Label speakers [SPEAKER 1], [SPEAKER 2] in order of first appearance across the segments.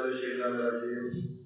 [SPEAKER 1] الشيطان الرجيم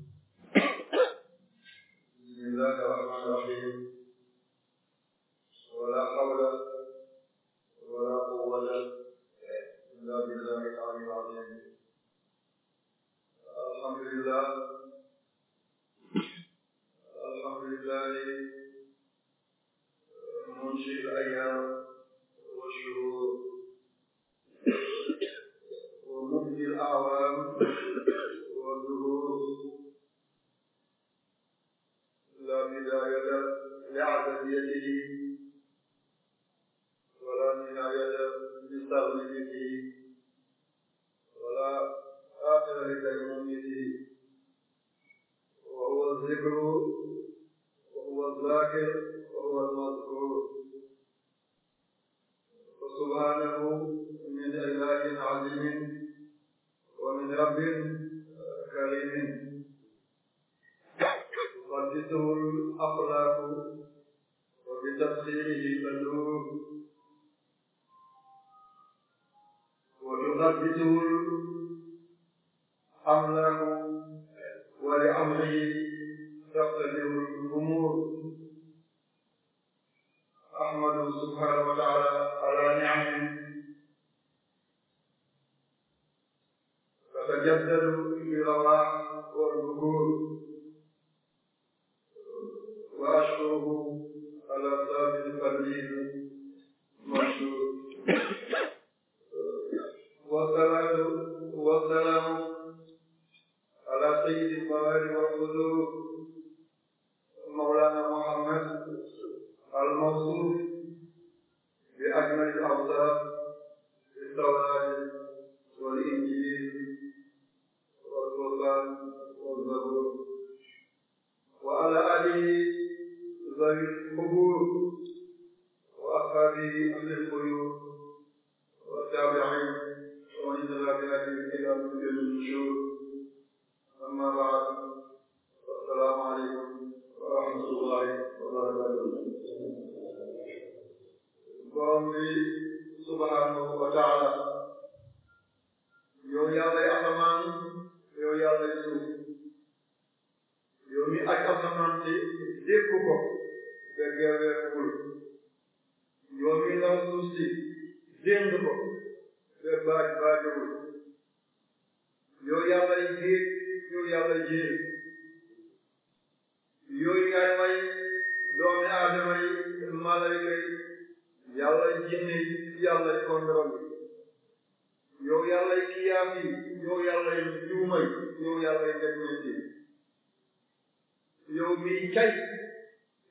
[SPEAKER 1] yow mii tey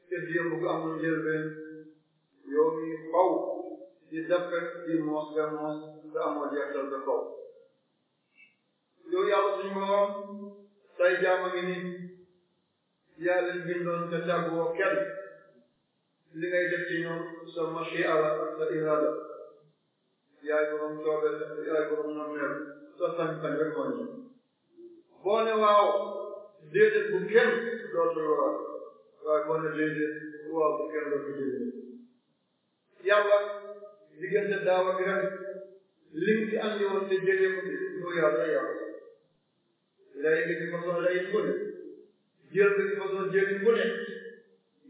[SPEAKER 1] te démb bu amul njëlbeen yow mii faw di defe di mos nga mos te amoo jeexal ba faw yow yàlla suñu moom tey jaama ngi nii yaa leen bindoon te tàggoo kenn li ngay def ci ñoom sa machia la ak sa irada yaay borom coobe yaay borom nameel sa sañ-sañ rek moo ñu boo ne waaw déedéet bu kenn dootu loraat waaye moo ne déedéet waaw bu kenn dootu déedéet yàlla diggante daaw ak ren li mu ci andi woon te jëlee ko ci lu yàlla yàlla léegi ci façon léegi bu ne jël bi ci façon jëli bu ne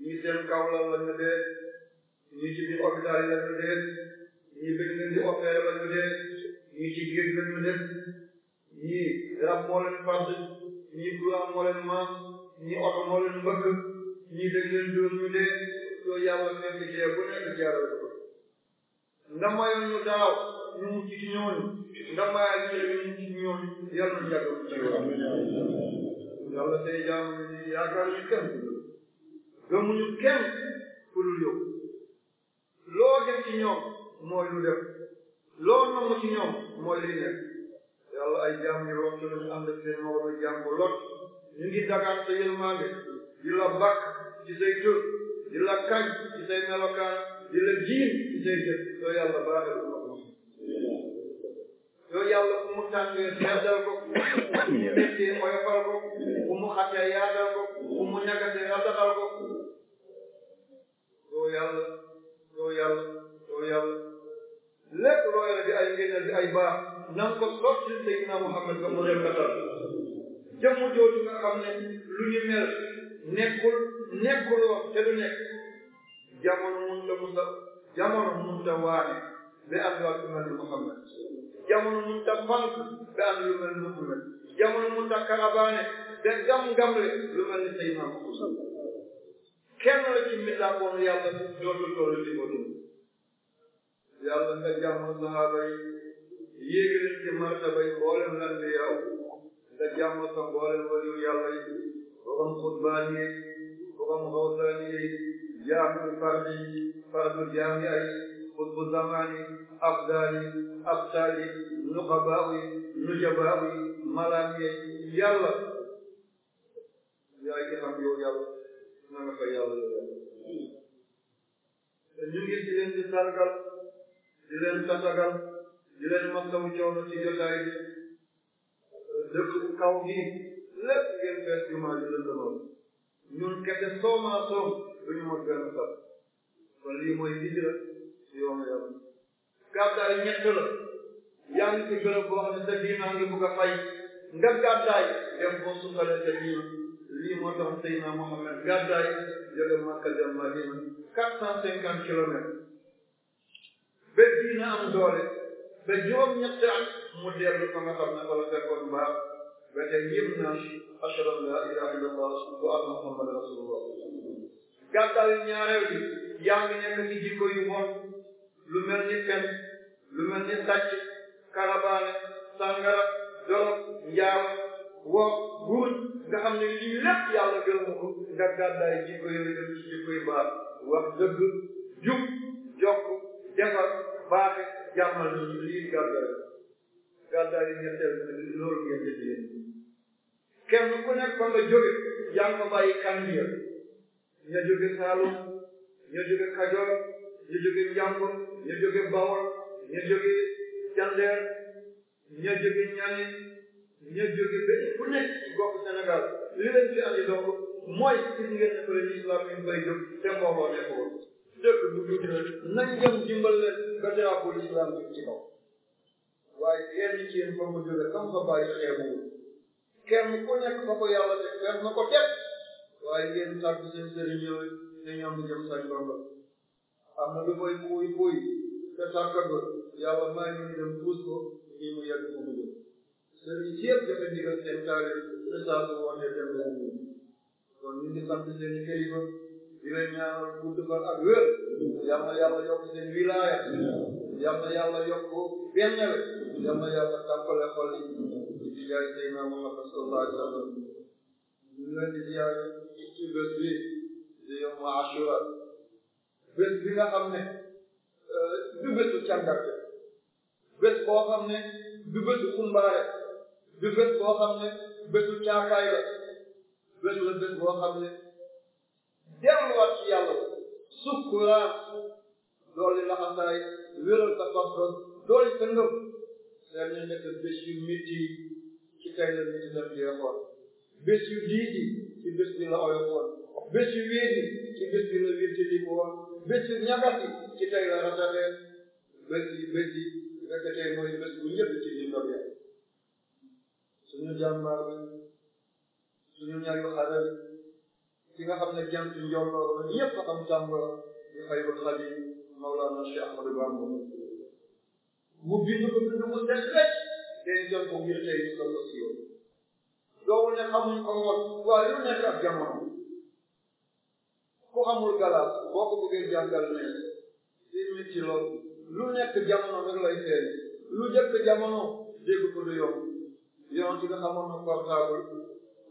[SPEAKER 1] ñi seen kaw la la ñu dee ñi ci biir hôpital yi la ñu dee ñi bëgg nañ di opéré la ñu dee ñi ci géej la ñu dee ñi rab moo leen fàtte ñi duwaa moo leen maam ñi oto moo leen mbëkk ñi dañ leen dóor ñu dee yoo yàlla nekk dee bu nekk jaaral ko ndamaayal ñu daaw ñu mu ci ñooñu ndamaayal ñu ñu ci ñooñu yàlla ñu yàgg ci yàlla tey jaam ñu yaakaar ñu kenn gëmuñu kenn ku lu yow loo def ci ñoom mooy lu def loo namm ci ñoom mooy li nekk yàlla ay jaam yu lott lañu ànd ak jaam bu lott ñu ngi dagaat sa yërmande di ci say tur di la ci say melokaan di jiin ci say jëf yow yàlla baaxal ko ma yow yàlla ku mu tàngee seetal ko ku mu méttee oyofal ko ku mu xatee yaatal ko ku mu ñagatee rataxal ko yow na nga ko sotti Seydina Muhammad ba mu rafetal jëmm jooju nga xam ne lu ñu mel nekkul te du nekk jamono mënut a mënut a am lu ak lu Muhammad jamono mënut a fank am lu mel ni Muhammad jamono mënut karabaane ba gam-gamle lu mel ni Seydina Muhammad kenn la ci mbindaakoonu yàlla dootul loolu li ko dund yàlla nga jàmm sahaaba yi yéegi nañ ci martabay mboolem lambiyaaw nga jàmm sa mboolem wali yàlla yi borom xutbaan yi borom xawsaan yi jaamul fardi yi fardul jaami ay xutbu zamaan yi abdaal yi abtaal yi nuqabaaw yi nujabaaw yi malaam yi yàlla yaay ki xam yow yàlla na nga fa yàlla yow yàlla ñu ngi di leen di sargal di leen tatagal di leen masawu coono ci jotaay bi kaw gi lépp ngeen fees jumaa ji lëndëmal ñun kese soomaa soom duñu mot benn sax kon lii mooy hijra ci yoonu yàlla yaa ngi ci bërëb boo xam ne sa diina ngi bugg fay nga gàddaay dem boo sukkale sa diina lii moo tax Seydina Mohamed gàddaay jóge Makka dem Madina quatre cent cinquante kilomètres ba diina am doole ba juróom-ñetti at mu dellu ko nga xam ne wala fekkoon baax ba tey yëpp naa ashhadu an la ilaha illallah wa anna muhammad rasulullah gàttal ñaareel bi yaa ngi nekk ci jikko yu bon lu mel ni fen lu mel ni sàcc karabaane sàngara dorog njaaw woo guuj nga xam ne lii lépp yàlla gërëm ko nga gàddaay jikko yooyu dem ci jikko yu baax wax dëgg jub jokk defar baaxe jàmmal ñu lii gàddaay gàddaay yi loolu ngeen def kenn ku nekk fa nga jóge yaa ngi ko bàyyi Kandia ña jóge Saalum ña Kajoor ña jóge Njambur ña jóge Bawol ña jóge Jandeer ña jóge Ñanin ña jóge ba ku nekk bokk Sénégal li leen fi andi donc ne que lépp lu ñu nañ dem dimbal leen ba drapeau l'islam bi ci kaw waaye kenn ci yéen fa kam fa bàyyi xeebu kenn ku nekk fa ko yàlla teg fees na ko teg waaye ngeen sàkk seen sëriñ yooyu te ñoom ñu jëm sañ bamba am na lu koy buuy buuy te sàkkagul yàlla maa ngi ko nii mu yàgg ko mu jëm sëriñ si yëpp dafa digal seen taale saa su waxee dem leen kon ñu ngi sant seen di leen ñaanal gudd fan ak wér yal na yàlla yokk seen wilaaya yal na yàlla yokk benn yal na yàlla tàmpale xol yi ci jaay Seydina Muhammad sallallahu alayhi wa sallam ñu leen di ziyaare ci bés bi di yom Ashura bés bi nga xam ne euh, du bésu càngarte bés boo xam ne du bésu xumbaare du bés boo xam ne bésu caakaay la bés la bés boo xam ne delluwaat ci yàlla sukkuraat doolli laxasaay wéral sa pas-pas doolli sa ngëm seen ñu nekk bés la métti la fi yeexoon bés yu diisi la oyofoon bés yu wéeti ci la wéeti li mu woon bés yu la rafetee bés yi bés yi rekk tey mooy bés bu njëkk ci suñu jàmbaar bi suñu ñaari ki nga xam ne jant njolloor la ñëpp xam tàngoor di xayrul xadim Mawlana Cheikh Ahmadou Bamba mu bind ko bind mu des rek day jël ko ngir tey sol ko si yow doomu ne xamuñ ko woon waaye lu nekk ak jamono ku amul galaas boo ko bëggee jàngal ne si métti lool lu nekk jamono rek lay teel lu jëkk jamono dégg ko du yomb yoon ci nga xamoon na portable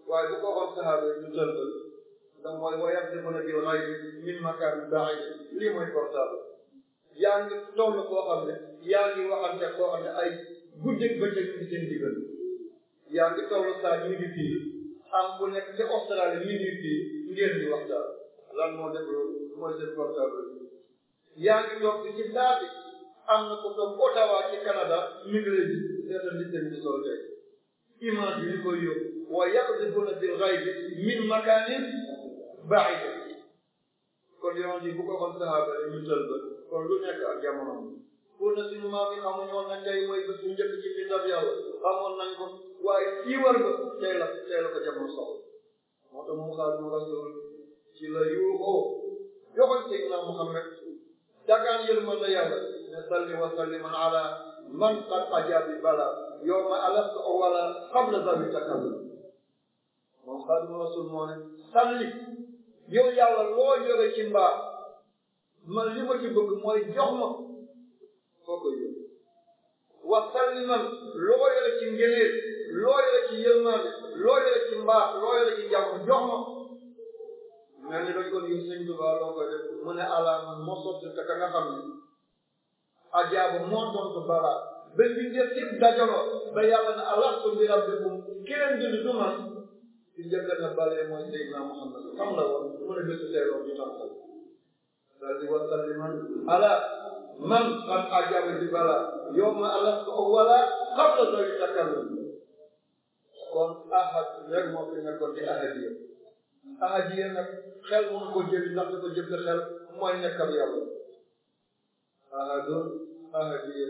[SPEAKER 1] waaye bu ko xool saxaaba ñu tëlbal lan mooy wa yaqdimuna bi ghayri min makan ba'id lii mooy portable yaa ngi toll koo xam ne yaa ngi waxante koo xam ne ay guddi bëccëg ñu ngi seen digal yaa ngi toll saa ñu ngi fii nekk ci Australie ñu ngi ngeen di waxtaan lan moo def loolu portable yaa ngi toog ci saa bi am na ko toog Ottawa ci Canada mi ngi lay gis seetal li seen di sol tey image bi ñu koy yóbbu wa min makanin baaxi kon yoon bi bu ko xool saxaaba yi ñu tël ba lu nekk ak jamono pour na ne tey mooy bés bu njëkk ci bindab yàlla xamoon nañ ko waaye siiwal ko tey la tey la ko jamono soxla moo tax mu xaadimu la yuuxoo yoxoñ seydina Muhammad dagaan yërmande yàlla ne salli wa sallim ala man qad ajabi bala yawma alasta awala qabla zawi rasul moo ne salli yow yàlla loo yore ci mbaax man li ma ci bëgg mooy jox ma foo ko yóbbu waxtaan li man loo yore ci ngëneel loo yore ci yërmaande loo yore ci mbaax loo yore ci jàmm jox ma mel ni dañ ko ngir sëñ Tuba mu ne ala man moo te ka nga xam ne ajaabu moo tontu balaa ba bi def yëpp dajaloo ba yàlla na alastu bi rabbikum keneen dund du man ci njëkk na bale mooy Seydina Muhammad xam la woon su ma la gëstu teeloon ñu xam ko daal di wasalliman ala man qad ajaba bi bala yowma alastu awwala qabla doy kon ahad rek moo fi nekkoon ahadiya ahadiya nag xel mënu ko jëli ndax da ko jëf xel mooy nekk ak yàlla ahadun ahadiya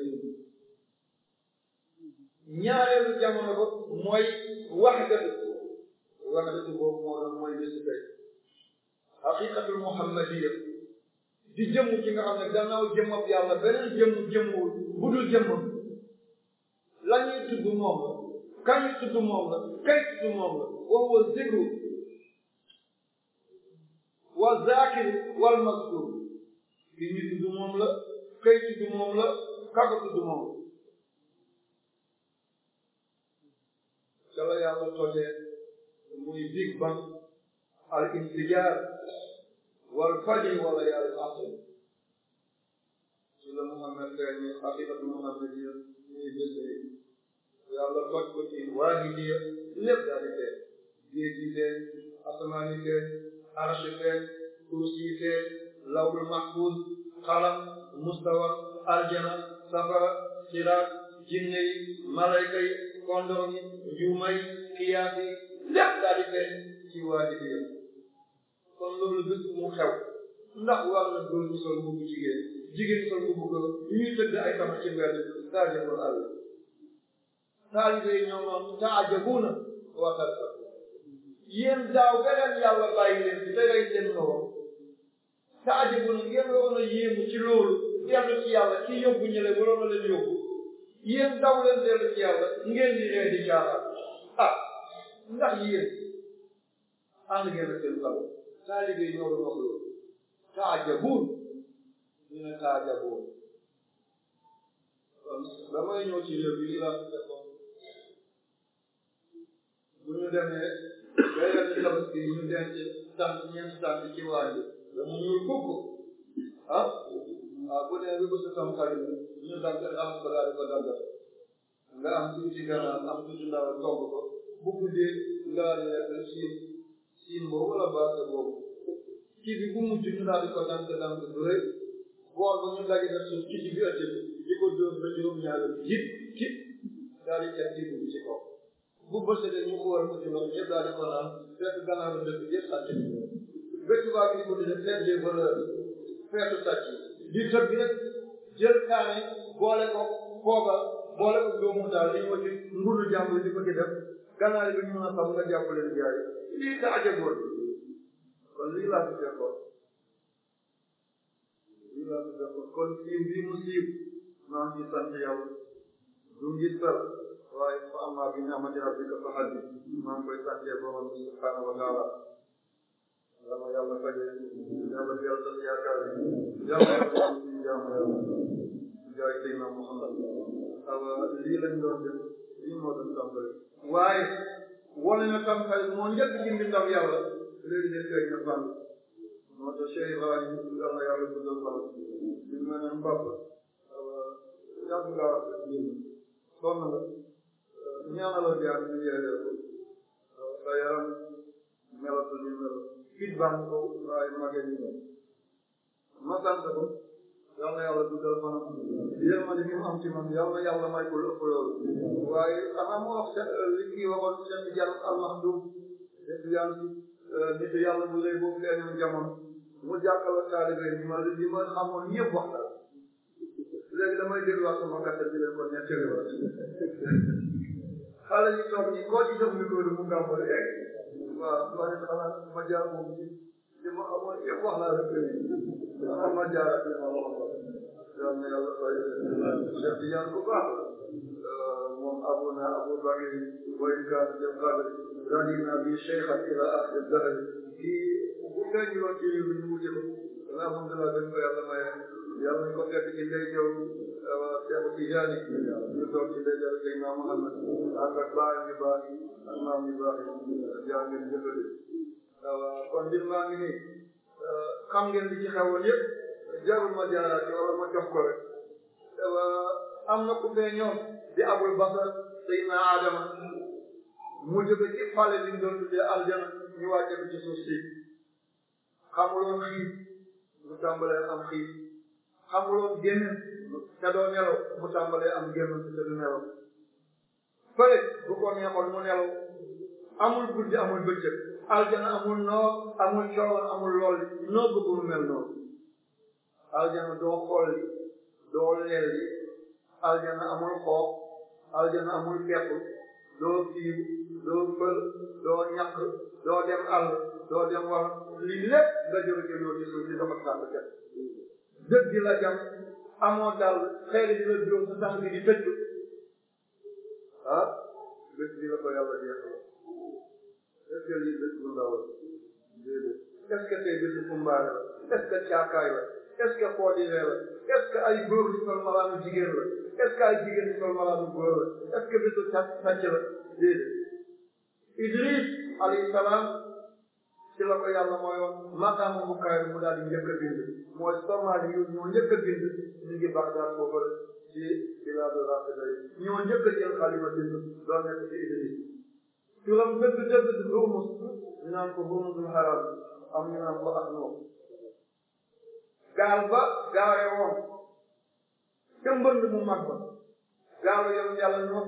[SPEAKER 1] ñaareelu jamono ko mooy waxdatu wala dëkk boobu moo doon mooy bés bi xaqiqatul muhammadiya di jëmm ci nga xam ne gannaaw jëmm ak yàlla beneen jëmm jëmmuwul budul jëmm la ñuy tudd moom la kañ tudd moom la kay tudd moom la wa huwa zikru wa zakir wal maskur ki ñu tudd moom la kay tudd moom la kaka tudd moom la. yàlla yàlla tojee. muy Big Bang al infijaar wal fajri wala yàlla asr ci la Muhammad feeñe xaqiqatu Muhammadiya muy bés yàlla toj ko ci waahidiya lépp daal di feeñ géej yi feeñ asamaan yi feeñ arsh feeñ kursi yi feeñ lawul mahfuz xalam mustawa aljana safara siraat jinne yi malayka yi kondor yi juuma yi lépp daal di feeñ ci waa jigéen kon loolu bés mu xew ndax war na góor ñu sol mbubu jigéen jigéen sol mbubu góor ñuy tëgg ay sama ci mbedd taajabul àll taalibe yi ñoom am taajabuna waxal sax yéen daaw beneen yàlla bàyyi leen te rey seen moroom taajabuna ngeen waroon a yéemu ci loolu dellu ci yàlla ci yóbbu ñële waroon a leen yóbbu yéen daw leen dellu ci yàlla ngeen di ree di caaxaan ndax yéen ànd ngeen ak seen xel taalibe ñoo doon wax loolu taajabuun ñu ne taajabuun damay ñëw ci réew bi laa defoon bu ñu demee béykat yi tabaski ñu denc tànk ñeent tànk ci waa ji dama ñuul kukk ah ah bu dee bi bësu tamxarit ñu dagg am balaa di ko dagg nga am tuuti ganaar am tuuti ndawal togg ko bu guddee nga lekk siin siin boobu wala baase boobu kii bu mujj ñu daal di ko dànk dànk du rek bool ba ñu daje def suuf ci digg ëtt di ko dóor ba juróom-ñaari jiit kit daal di teg jiitu bi ci kaw bu a mujj loolu yëpp fekk gannaaru dëkk yëpp sàcc bi di ko def fête des valeurs di tëb bi rek jël kaani boole ko kooba boole ko doomu daal di ñëw ci nguuru jàmbur di ko ci gànnaar bi ñu mën a sàmm nga jàppale leen jaay lii daa jegoon kon lii laa fi fekkoon lii laa fi fekkoon kon siiw bii mu siiw maa ngi sant yàlla du ngi sal waaye fa amaa bi ni'mati rabbika fa haddith maa ngi koy santee borom bi subhanahu wa taala dama yàlla fajee yàlla yàlla sax yaakaar yàlla yàlla suñu jaamu yàlla jaay Seydina Muhammad lii lañ doon def lii moo doon tàmbali waaye wane na tam xel moo njëkk ci mbindam yàlla léegi ne feeñ na fan moo tax Cheikh Ibrahima ñu dama yàlla guddal fan li mu ne mbàpp yàgg nga jëm sonn nga ñaanalal jaar ñu yeedeel ko sa yaram melatul ni mel fit baa ko waaye magee ñu mel ma sant ko yal na yàlla dugal fanam yërmande bi mu am ci man yal na yàlla may ko lu ëpp loolu waaye xanaa mu wax euh, li ñu waxoon Cheikh Tidiane Al Maktoum Cheikh Tidiane euh, nit yàlla bu rëy boobu leen ñu jamono mu jàkkaarloo taalibe li ma li ma xamoon ñëpp wax na léegi damay dégluwaat sama gàttal di leen ko ñetteel ba xale yi toog ñi koo ci jox micro bi mu gàmm rek waaw ma ne xanaa ma jaar moom ci li ma xamoon yëpp wax naa rek ma jaar ak li ma wax yal na yàlla fay Cheikh Tidiane bu baax moom abu na abu bari waykaan dem xabar rani na bi cheikhan ila ahli dahri kii bu ngañu woon ci ñu mu jëm alhamdulilah dañ ko yàlla maye yàlla nañ ko fekk ci ndey yow Cheikh Tidiane ñu toog ci ndey yow Seydina Muhammad ak ak baay ñu baax yi ak maam ñu baax yi jaa ngeen jëfale kon mbir maa ngi nii xam ngeen li ci xewoon yëpp jarul ma jaaraat yow ma jox ko am na ku fee ñoom di abul basar sayyidina Adama mu jóge ci fale li ñu doon tuddee aljana ñu wàcce ko ci suuf si xamuloon xiif mu tàmbalee am xiif xamuloon génn te doo nelaw mu tàmbalee am génn te du nelaw fële bu ko neexoon mu nelaw amul guddi amul bëccëg aljana amul noor amul coono amul lool noo bëgg mu mel aljana doo xolli doo lelli aljana amul xoox aljana amul pepp doo fiiw doo fël doo ñaq doo dem àll doo dem war li lépp nga jëloon yow ci suuf si dafa tànn kenn. dëgg la jam amoo dal xëy na dina jóg sa tànk di tëj ah bés bi la ko yàlla jeexal est-ce que lii bés bu ndaw la déedéet est-ce que tey bés bu mbaare la est-ce que caakaay la. est-ce que poodine la est-ce que ay góor yu sol malaanu jigéen la est-ce que ay jigéen yu sol malaanu góor la est-ce que bisu sàcc sàcc la déedéet Idris alayhi salaam ci la ko yàlla mooyoon maataamu bu kaay mu daal di njëkk a bind mooy somaali yu ñoo njëkk a bind ñu ngi Bagdad foofa ci bilaadu rafida yi ñoo njëkk a jël xalima bind doon nekk ci Idris turam dëgg dëgg di Humus ñu naan ko Humus mu xaram am ñu naan ko ak noonu gaal ba gaawee woon ca mbënd mu mag ba gaalu yoon yàlla ñoo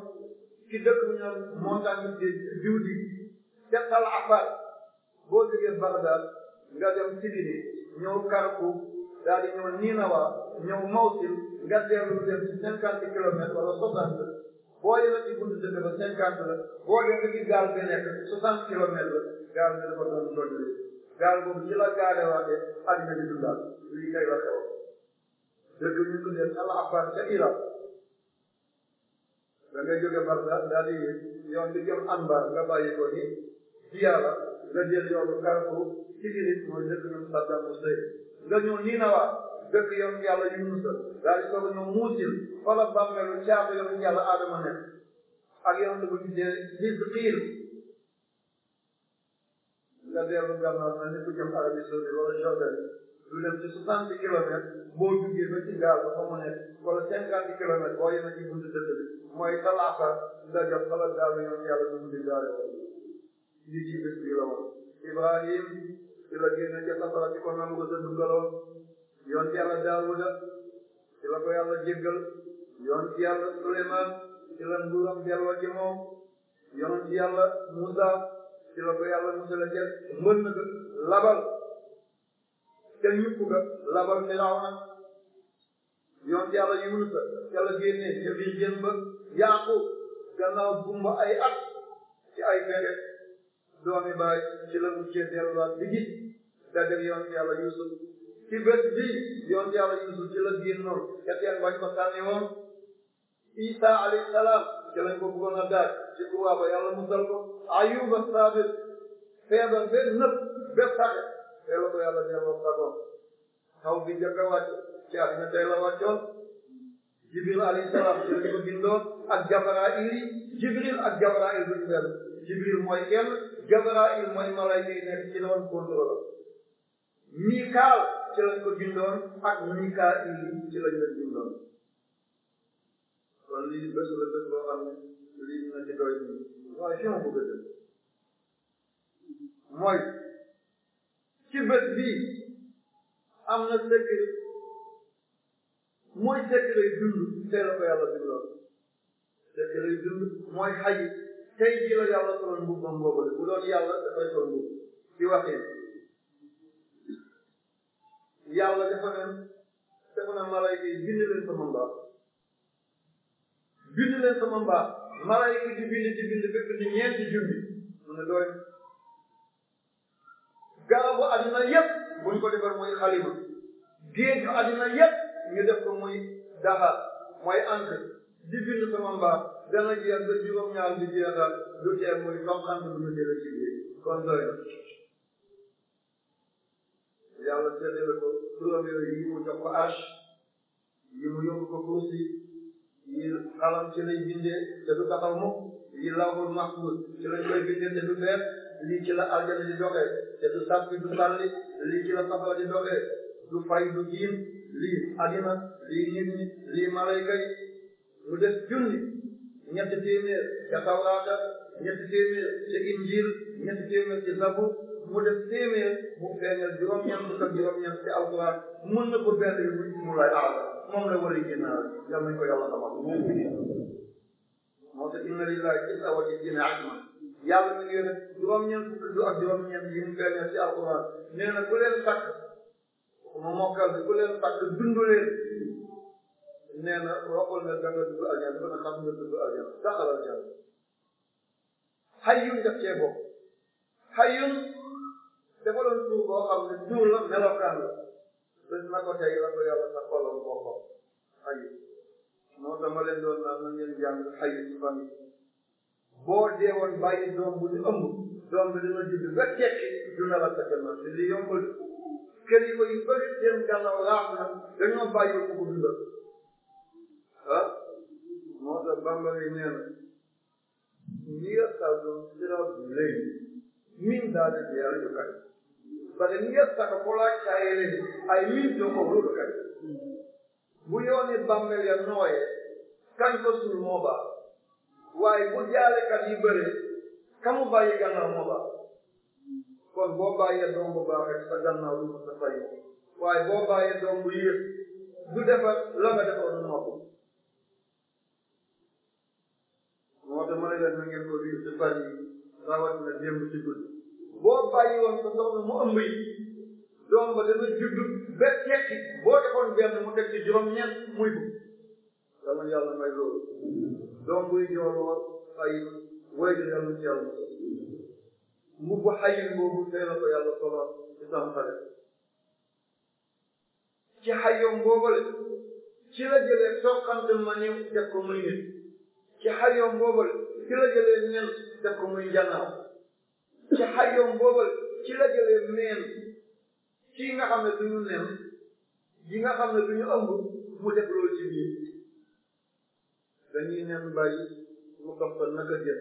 [SPEAKER 1] ci dëkk bu ñoom montagne di diw di ca tal abbal boo jógee Bagdad nga dem Sidini ñëw Karkouk daal di ñëw Ninawa ñëw Mawsil nga dellu dem ci cinquante kilomètres wala soixante boo yële ci buntu dëkk ba cinquante boo dem ci gaal bi nekk soixante kilomètres la gaal bi dafa doon doon gaal boobu ñi la gaale waatee àddina di dundal lii ngay waxe woon dëkk ñu tuddee al Ahbar ca Irak da ngay jóge Bagdad daal di yoon bi jëm Anbar nga bàyyi ko ni Diyala nga jël yoonu Karfou ci Idris mooy dëkk ñoom Saddam Hussein nga ñëw Ninawa dëkk yoon yàlla Yunus daal di soog ñëw Musil fa la bàmmeelu caatu yoon yàlla Adama nekk ak yoon bu tuddee Hizqil nga dellu gannaaw na ni ku jëm Arabie Saoudite wala Jordanie lu dem ci soixante kilomètres boo duggee ba ci gaal ba fa mu nekk wala cinquante kilomètres boo yemee ci buntu dëkk bi mooy talaata nga jot xalaat gaal yi ñoom yàlla ñu ngi gaale woon li ci bés bi la woon Ibrahim ci la génne ca safara ci ko nangu sa dugaloon yoon ci yàlla Daawuda ci la ko yàlla jéggal yoon ci yàlla Suleymaan ci la nguuram delloo ci moom yoon ci yàlla Muusa ci la ko yàlla musal a jël mën na ko labal ca ñëpp ga labal firaaw na yoon yàlla yunusa ca la génnee ca biir jën ba yaaqu gannaaw gumba ay at ci ay fere doomi baay ci la muccee delluwaat di gis da dem yoon yàlla yusuf ci bés bi yoon yàlla yusuf ci la génnoon ca teen bañ ko isa alayhi salaam ca lañ ko bëggoon a daaj ci ko ayuba saabir feebar ba nëb ba saxe te la ko yàlla delloo sagoon bi njëkk a wàcc ci àddina tey la salaam ci lañ ko bindoon ak jabrail jibril ak jabrail jabrail mooy malayka yi nekk ci la woon contrôle ci lañ ko bindoon ak mikail ci lañ la bindoon kon lii bés la bés boo xam ne lii dina ci doy mooy fi mu bëgg a jëm mooy ci bés bii am na secret mooy secret dund tey la ko yàlla digloon secret dund mooy xaj tey jii la yàlla soloon mbubbam boobale bu doon yàlla dafay sol mbubb ci waxee yàlla dafa ne dafa ne malayka yi bind leen sama mbaax bind leen sama mbaa malayka di bind di bind bépp ni ñeenti junni mu ne doy garabu adduna yépp buñ ko defar muy xalima géeju adduna yépp ñu def muy daxaar mooy encre di bind sama mbaa dana jeex ba juróom-ñaar bi jeexal du tee muy soxante bu ñu jële ci biir kon doy yàlla seddale ko turam yooyu yi mu jox ko yi mu yóbbu ko kursi yi xalam ci lay bindee te du taxaw mu yi lawhul mahfuz ci lañ koy bindee te du beer lii ci la aljana di doxee te du sàppi du sàlli lii ci la safara di doxee du fay du jiim lii adina lii nit ñi lii malayka yi mu des junni ñetti téeméer ca tawraata ñetti téeméer ca injil ñetti téeméer ci zabur mu des téeméer mu feeñal juróom-ñeent fukk ak juróom-ñeent ci alquran mën na ko benn yu mu lay aala moom la war a génnaale yal nañu ko yàlla xamal. moo tax inna lillahi isa wa dina ajma yàlla mi ngi ne juróom-ñeent fukki ju ak juróom-ñeent yi mu génnee ci alquran nee na ku leen sàkk mu mokkal bi ku leen sàkk dund leen nee na waxul ne da nga dugg aljana dafa ne xam nga dugg aljana daxal aljana xayyun daf cee bokk xayyun dafa doon tur boo xam ne tur la melokaan la bés na ko tey la ko yàlla sa xolal boppam xayib moo tax ma leen doon naan na ngeen jàng xayib ci famille boo deewoon doom bu ñu ëmb doom bi dina judd ba tekki duna la sa gannaaw te li yombal kër yi koy bëri seen gannaaw raaf na dañoo bàyyi ko dundal ah moo tax bambal yi nee na ñi nga xam ne si la léegi min daal di yàlla jokkale badaniya sakafola cayele ay min joko hulu kan bu yooni bammel ya nooye kan ko sul mooba waaye bu jaalekat yi bëre kamu bàyyi gannaaw mooba kon boo bàyyee doom bu baax rek sa gannaaw lu sa fay waaye boo bàyyee doom bu yées du defal la nga defoon noppi moo tax ma ne leen na ngeen ko wiir ci fan yi rawatina démb ci guddi boo bàyyi woon sa soxna mu ëmb yi doom ba dana judd ba tekki boo defoon benn mu teg ci juróom-ñeent muy bu yàlla yàlla may loolu doom buy jooloo ay way di yàlla ci yàlla mu bu xayin boobu tey la yàlla solal ci sama xale ma niw teg ko muy nit ci xayoom boobale ci la jëlee ñeent teg ko muy ci xajoom boobal ci la jëlee neen kii nga xam ne duñu neen yi nga xam ne duñu ëmb mu loolu ci biir dañuy neen bàyyi mu dox ko naka jël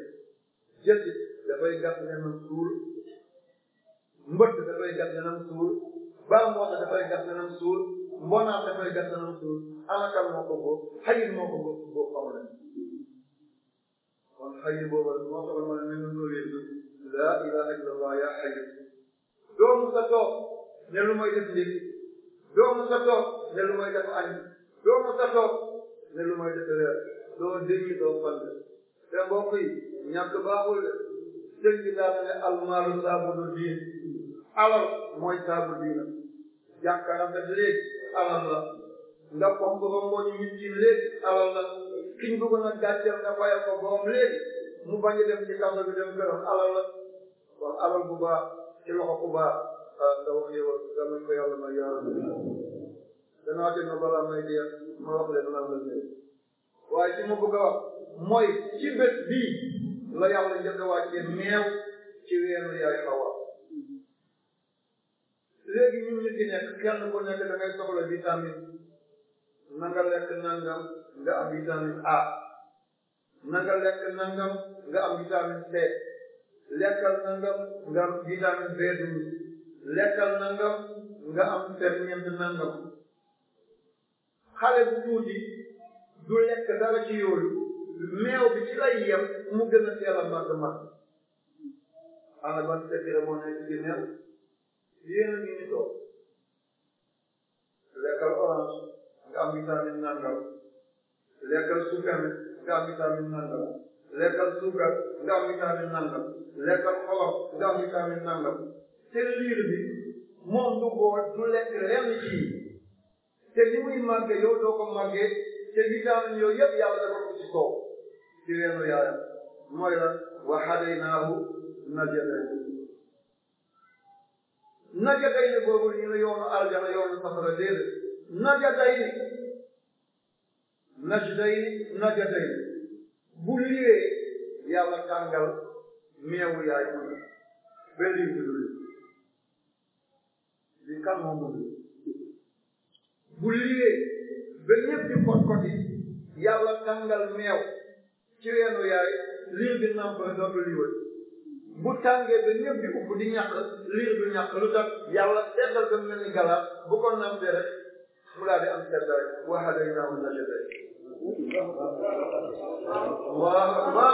[SPEAKER 1] jël dafay gas nenam suul mbëtt dafay gas nenam suul baa moo ko dafay gas moo ko boob xayil moo ko boob boobu xamale kon xayil boobal moo taxoon ma ne nenam loolu laa ilaha illallah yaa hayyu doomu sa toog ne lu may def léegi doomu sa toog ne lu may def añ doomu sa toog ne lu may def reer doo dégg doo fand te mbokk yi ñàkk baaxul sëñ bi daal ne almaalu saabudu diin alal mooy saabu diina jàkka rafet léegi alal la nga pomp ba mooñu miskin léegi alal la kiñ bëggoon a gàcceel nga fayal ko borom léegi mu bañ a dem ci kaso bi dem këram alal la kon alal bu baax ci loxo bu baax ah nga wax yow yal nañu may yaa rabbi danaa dem na balaa may dee ma wax leen ma bëgg a wax mooy ci bés bii la yàlla njëkk a wàccee neew ci weeru yaay Awa léegi ñun ñu ci nekk kenn ku nekk da ngay soxla vitamine na nga lekk nangam nga am vitamine A na nga lekk nangam nga am vitamine C. lekkal na nga am vitamine b lekkal na nga nga am ferñeent nangam xale bu tuuti du lekk dara ci yooyu meew bi ci mu gën a teel a màgg màgg ana ban secret moo nekk ci lekkal orange nga am vitamine nangam lekkal sukame nga am vitamine nangam lekkal suukar nga am vitamine nangam lekkal xorom nga am vitamine nangam te liir bi moom du boo du lekk lenn ci te li muy màggee yow doo ko màggee te vitamine yooyu yëpp yàlla dafa ko ci kaw ci weenu yaayam mooy la wa hadaynaahu najdatayni najdatayni boobu ñu ne yoonu aljana yoonu safara déedéet najdatayni najdayni najdatayni bu liwee yàlla tàngal meewu yaay bu benn yu dul li kan moo mën bu liwee ba ñëpp di kotkoti yàlla tàngal meew ci weenu yaay liir bi namp dootu liwal bu tàngee ba ñëpp di upp di ñàkk liir du ñàkk lu tax yàlla seddal ba mel ni galaat bu ko nampee rek mu daal di am seddaay waxaale yi naaw na
[SPEAKER 2] الله أكبر الله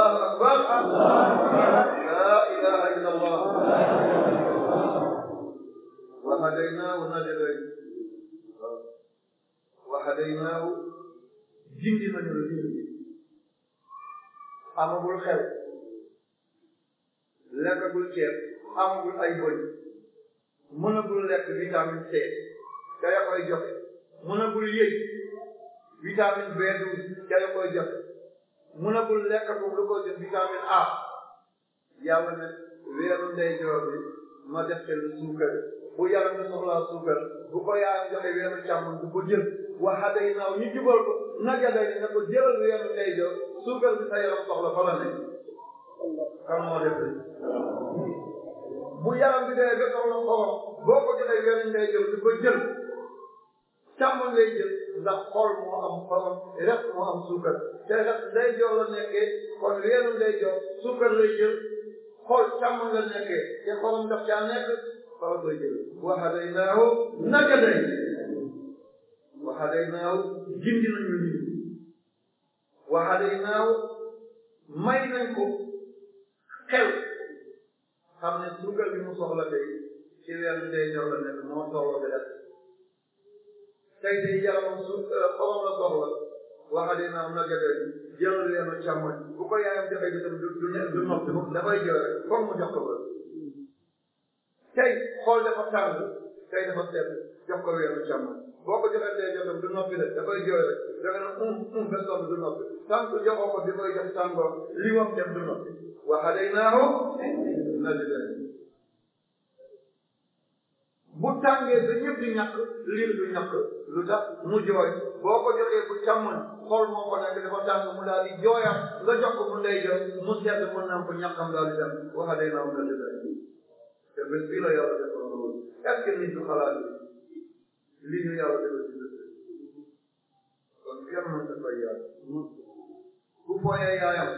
[SPEAKER 2] أكبر الله أكبر لا إله إلا الله
[SPEAKER 1] وهديناه النجدين وهديناه جند من الجند amagul xel lekkagul ceeb amagul ay bëñ mënagul lekk vitamine C te ya koy joxe mënagul yëy vitamine B12 ca la koy jot mënagul lekkatu lu koy jot vitamine A yàlla ne weeru ndey joor bi ma def ci lu suukar bu yaram bi soxlaa suukar bu ko yaayam joxe weeru càmm du ko jël waxaate yi naaw ñu jubal ko naja day na ko jëlal weeru ndey joor suukar bi sa yaram soxla la ne kan moo def bu yaram bi dee ba soxla xorom boo ko jëlee weeru ndey joor du ko jël càmmoñ lay jël ndax xol moo am xorom rek moo am suukar te rek day joor la nekkee kon reenu day joor suukar lay jël xol càmmoñ la nekkee te xorom daf caa nekk xorom lay jël wa hadaynaahu najdayn wa hadaynaahu gindi nañu ñu wa hadaynaahu may nañ ko xel xam ne suukar bi mu soxla tey ci weeru day joor la nekk moo soxla bi rek tey de yaramam su euh, xolom la soxla waxalee naa am na jafe-jafe jëloon leen ak càmmoñ bu ko yaayam joxee du du du du noppi dafay jël rek foog mu jox ko ba tey xool dafa tàng tey dafa sedd jox ko weeru càmmoñ boo ko joxantee jotam du noppi rek dafay jël rek dafa ne um um ba sonn du noppi tant que joxoo ko bi koy jox tàngoor li moom dem du noppi waxalee naa ko na di leen. bu tàngee ba ñëpp di ñàkk liir du ñàkk lu tax mu jooy boo ko joxee bu càmmoñ xool moo ko nekk dafa tàng mu daal di jooyam nga jox ko mu ndey jox mu sedd mu naan ko ñàkkam daal di dem waxa day naaw nga dëgg te bés bii la yàlla defal loolu est-ce que nit du xalaat li ñu yàlla defal ci bés kon kenn mën na fay yàlla bu fooyee yaayam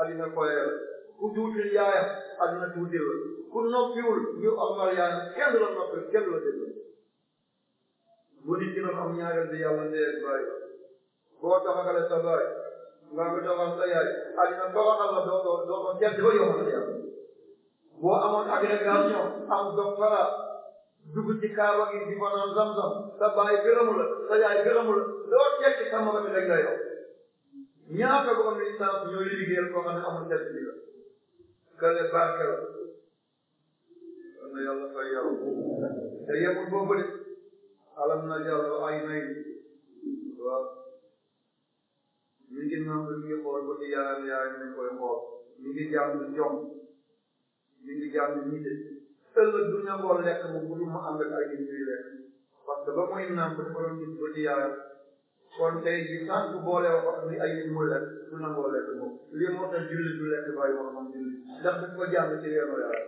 [SPEAKER 1] addina fooyee la ku tuutil yaayam adduna tuutil la ku noppiwul ñu amal yaayam kenn du la noppil kenn du la déglu bu nit ki doon am ñaareel bi yàlla ndee baay boo taxagale sa baay nga ko taxal sa yaay adduna taxagal la doo doo doo ko kenn di ko yomal yàlla boo amoon agrégation am doctorat dugg ci kaaba gi di ko naan zamzam sa baay gërëmu la sa yaay gërëmu la doo tekki sama ko mi rek nga yow ñaata ko am licence ñooy liggéeyal ko xam ne amul certificat kële barkeel na yàlla fay yaram te yemul boobu de alam na yàlla ay nay waaw mi ngi naan mi ngi xool ba ci yaram yaram mi koy xool mi ngi jàng jom mi ngi jàng ñi de ëllëg du nangoo lekk bu mu ànd ak ay ñuy lekk parce que ba muy naan ba ci yaram kon tey jii tant que boole wax ni ay nit mu lekk du nangoo lekk moom lii moo tax jullit du lekk bàyyi moom man jullit ndax dañ ko jàng ci weeru yàlla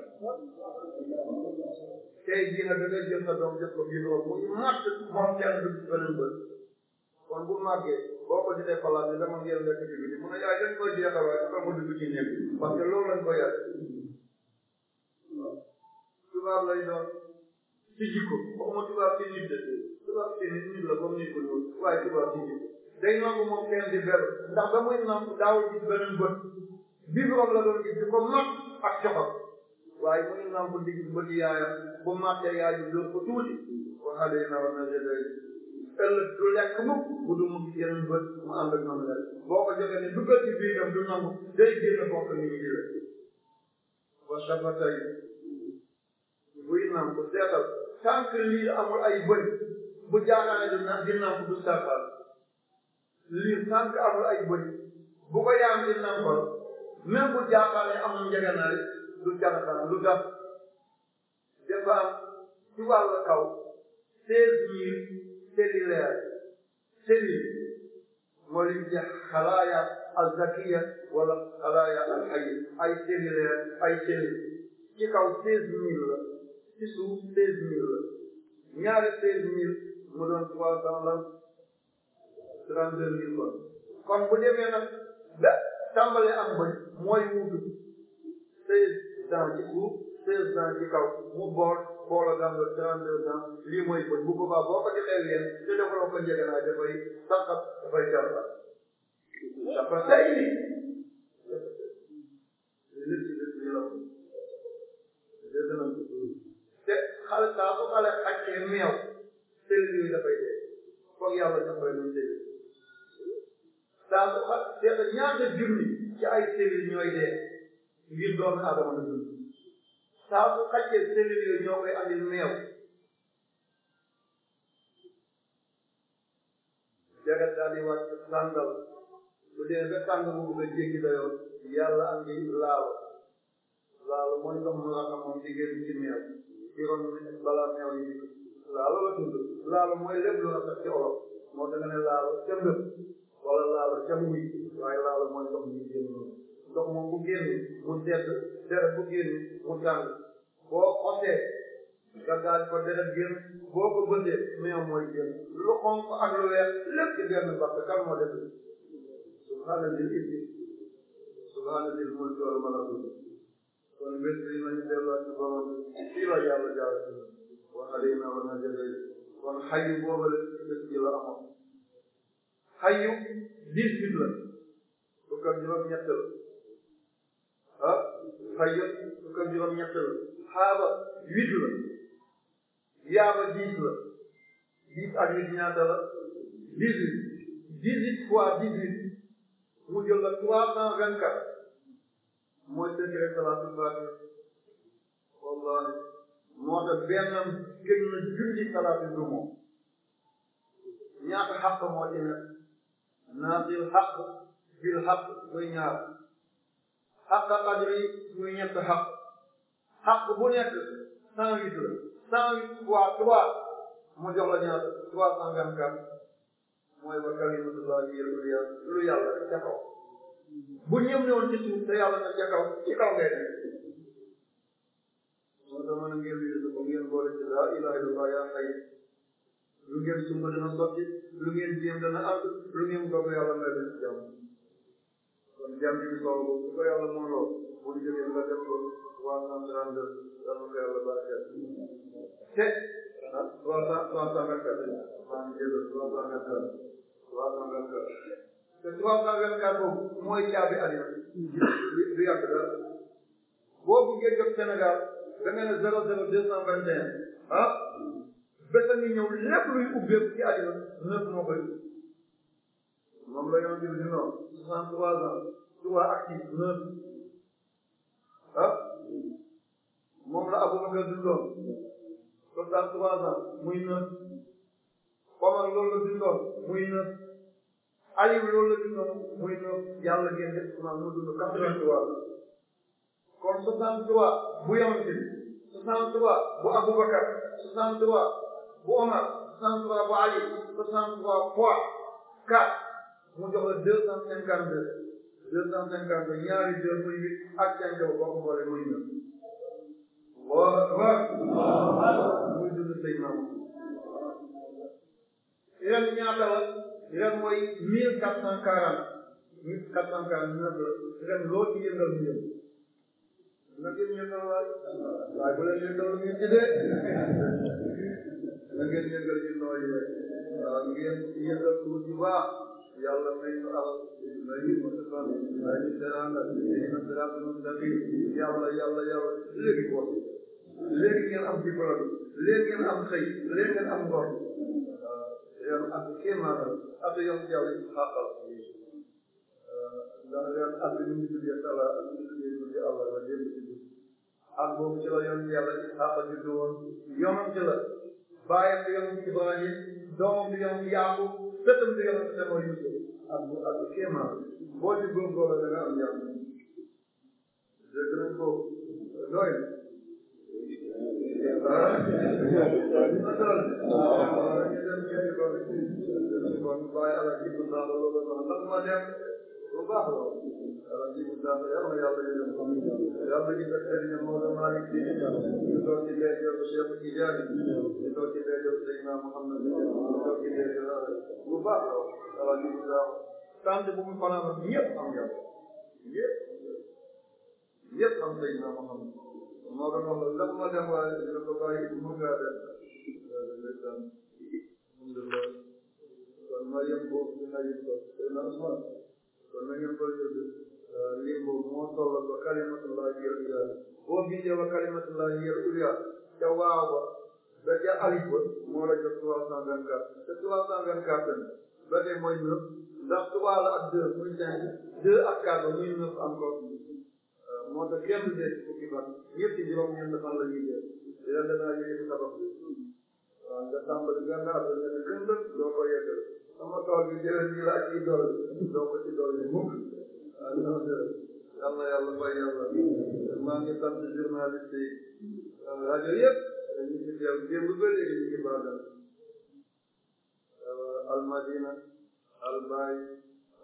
[SPEAKER 1] tey jii nag da ngay jël sa doom jëf ko bii doom mu màtt moom kenn du beneen bët kon bu màggee boo ko jotee palaas bi dama ngeen lekk ci biti mu ne yaay dañ koy jeexal waaye dafa ko dugg ci néeg parce que loolu lañ ko yàq tubaab lay doon ci jikko waxuma tubaab ci nit de tubaab si nit ñi la comme ni ko moom kenn di beru ndax ba muy nangu daawul gis beneen bët bi borom la doon di ko mag ak coxam waaye mu ngi nangu di gis bëti yaayam bu màttee yaayam doon ko tuuti waxaale yi naroon na jëlee ëllëg du lekk bu du mukk yeneen bët mu ànd ak ñoom boo ko joxee ne duggal ci biiram du nangu day génn bokk ni ñu jëlee wa shafatay buy nangu seetal tant que lii amul ay bëri bu jaaraale dina dina ko du saafara lii sànq amul ay bëri bu ko yaam di nàmpal même bu jaaraale amul njëganaay du jaaraale lu tax des fois ci wàllu kaw seize mille cellulaire cellule moo leen di xalaaya azakiya wala xalaaya al xay ay cellulaire ay cellule ci kaw seize mille la ci suuf seize mille la ñaari seize mille mu doon trois cent vingt trente deux mille kon kon bu demee nag ba tàmbalee am bëñ mooy wuutu seize dents ci suuf seize dents ci kaw mu bool booloo daan ba trente deux dents lii mooy bëñ bu boobaa boo ko defee leen te defaloo ko njëkk naa dafay sàqat dafay jàmbat dafa day ni te xale saa su xale xàccee meew yàlla defaree lu séeréer daa ko xa seeta ñaata junni ci ay cellules ñooy dee ngir doomu aadama na dund saa bu xàccee cellules yooyu ñoo koy andil meew jagat daal di wàcc sàngal bu dee ba tàng bu bugg a jéggi dayoo yàlla andi laaw laaw mooy ndox mu nga xam moom di génn ci meew ci ron balaa meew yi laaw la dund laaw mooy lépp lu rafet ci olof moo tax ne laalo ca mbëb wala laalo ca muy waaye laalo mooy ndox mi génn noonu ndox moom bu génn mu sedd deret bu génn mu tàng boo xosee nga daal ko deret génn boo ko bëndee meew mooy génn lu xonq ak lu weex lépp ci benn bàq kan moo def subhaana lil ibbi subhaana lil mulki wal malakut kon wér nañu delluwaat ci borom fii la yàlla jaar wa alayna wa najaa kon xayu boobu la dëkk bi la amoon xayu dix huit la fukk ak juróom-ñett la ah xayu fukk ak juróom-ñett la xaaba huit la yaaba dix la dix ak huit ñaata la dix huit dix huit fois dix huit mu jël la trois cent vingt quatre mooy secret salaatul faatiha wallahi moo tax benn kenn julli salaatu du moom ñaata xaq moo ci nekk naasil xaq bil xaq muy ñaar xaq qadri muy ñett xaq xaq bu nekk cent huit la cent huit fois mu jox la ñaar trois cent vingt quatre mooy wa kalimatullahi lu yàlla ca kaw bu ñëw ñëwoon ci suuf te yàlla na ca kaw ci kaw ngay jamono ngeen di dund ba ngeen boole ci laa ilaha illallah yaa xayy lu ngeen sumb dana sotti lu ngeen jéem dana àgg lu ngeen doog yàlla may leen jàmm kon jàmm bi solo boobu bu ko yàlla mooloo bu ñu demee nga def ko trois cent trente deux ko yàlla barkeel te ah trois cent trois cent vingt quatre maa ngi jël trois cent vingt quatre trois cent vingt quatre te trois cent vingt quatre boobu mooy caabi àddina du yàgg dara boo buggee jot Sénégal da nga ne zéro zéro deux cent vingt et un ah bés a ngi ñëw lépp luy ubbeeku ci àddina neuf moo koy moom la yoon jël non soixante trois ans trois ak six neuf ah moom la Aboubacar dundoon soixante trois ans muy neuf Omar loolu la dundoon muy neuf Ali loolu la dundoon muy neuf yàlla génne maanaam mu dund quatre vingt trois kon 63 bu Yonent bi 63 bu Aboubacar 63 bu Omar 63 bu Ali 63 fois 4 mu jox la 252 252 ñaari 2 muy 8 ak 5 bu bokk mboole muy 9 waaw waaw muy dund Seydina ren ñaata la ren mooy 1440 1440 ren loo ci yëngal na ngeen yëngal waay waaye bu leen yëngal ngeen ci dee na ngeen yëngal ñu nooy waaw ngeen yëngal suuf bu baax yàlla may ñu alal may ñu masakal may ñu teraanga may ñu teraanga mustaqim yàlla yàlla yàlla léegi ko léegi ngeen am diplôme léegi ngeen am xëy léegi ngeen am ngor yàlla ak kéemaatam ak yoon yàlla xaaxal ndax yàlla ak ñu ngi tuddee sala ak ñu ngi tuddee Allah ak boobu ci la yoon yàlla Isaaqa juddu woon yoonam ci la bàyyam di yoonam Ibrahim doomam di yoonam Yaaqub sëtam di yoonam Seydou Youssouf ak bu ak kéema boo ci góorgóorlu da nga am yàlla dégg nañ ko doy kon bàyyi ala ji bu baax loolu ndax ma dem bu baax loolu yàlla jiw bi daal yàlla yàlla yërëm ko. yàlla ji fekk nañu Maodo Malick bi. ñu toog ci léegi yow Cheikh Tidiane. ñu toog ci léegi yow Seydina Mouhamed. ñu toog ci léegi yow bu baax la wax. yàlla jiw bi daal sant bu mu fanaan ñëpp am yàlla. ñëpp ñëpp am Seydina Mouhamed. Maodo Mawla lan ma dem waaye dina ko bàyyi mun ngaa dem. alhamdulillah. kon ma yem ko dina yem ko. Seydina Ousmane. kon na ngeen koy yëg limbo moo tolloo ba kalimatullahi hiya al-ulya boo bindee ba kalimatullahi hiya al moo la jot trois cent vingt quatre te trois cent vingt quatre ba tey mooy neuf ndax trois la ak deux muy cinq deux ak quatre muy neuf encore moo tax kenn de fukki fan ñëpp ci juróom-ñeent fan la ñuy def yàlla danaa yëkkati sabab bi waaw nga tàmbali nga naat nga ne kenn doo ko yeggal sama tool bi jëlee nii la ak ci dolli doo ko ci dolli yàlla yàlla bàyyi yàlla maa ngi sant journaliste yi euh, rajo yëpp euh, ñu ngi teew démb ba léegi ñu ngi baagal euh, Al Madina Al Baay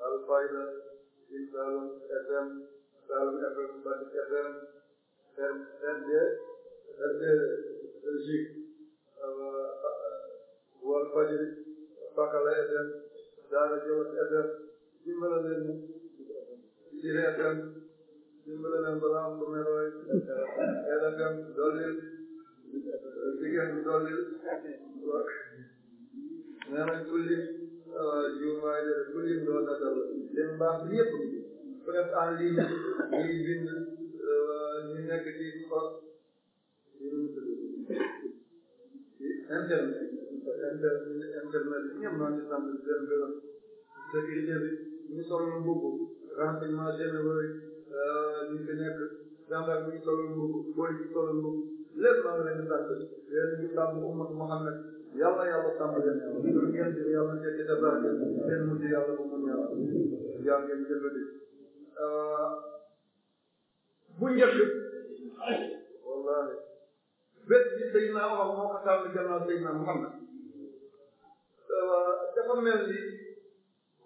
[SPEAKER 1] Al Fayda ci Saloum FM Saloum FM Fatick FM RD RD Belgique Walfadjri Pakala FM Daara Jowas FM dimbala leen Sud FM dimbale leen ba nga am lu mel nooy RFM dolli jigéen bi dolli nee nañ ku lim juuma ku lim doo natal lim baax bi yëpp presse en ligne ñuy bind ñu nekk ci xos internet internet internet ñëpp naa ci sant seen gërëm sécurité bi ñu sol mbubb renseignement généraux euh, ñu fi nekk gendarme yi solo mbubb police yi solo mbubb lépp maa ngi leen di sant yéen ñu sàmm ummat Muhammad yàlla yàlla sàmm leen ngeen di yàlla ngeen di tabarke seen mujj yàlla bu mun yàlla yaa ngeen jëfandi euh, bu njëkk wallahi bés bi Seydina Omar moo ko sàmm gannaaw Seydina Muhammad euh, dafa mel ni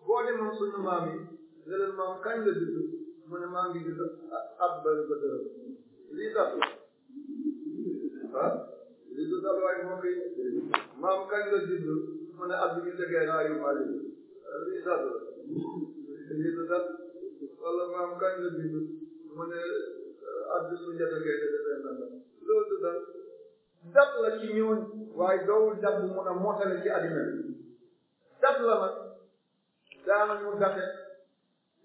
[SPEAKER 1] boo demoon suñu maam yi ne leen maam kañ la judd mu ne maa ngi judd at ba dërëm lii tax ah lii du waaye moom yi maam kañ la judd mu ne at bi ñu tegee naa yu mari lii tax maam kañ la judd mu ne at bi suñu tegee te defee nan la loolu du dal dat la ci ñëwoon waaye doowul dat bu mun a mootale ci addina dat la nag daanañu date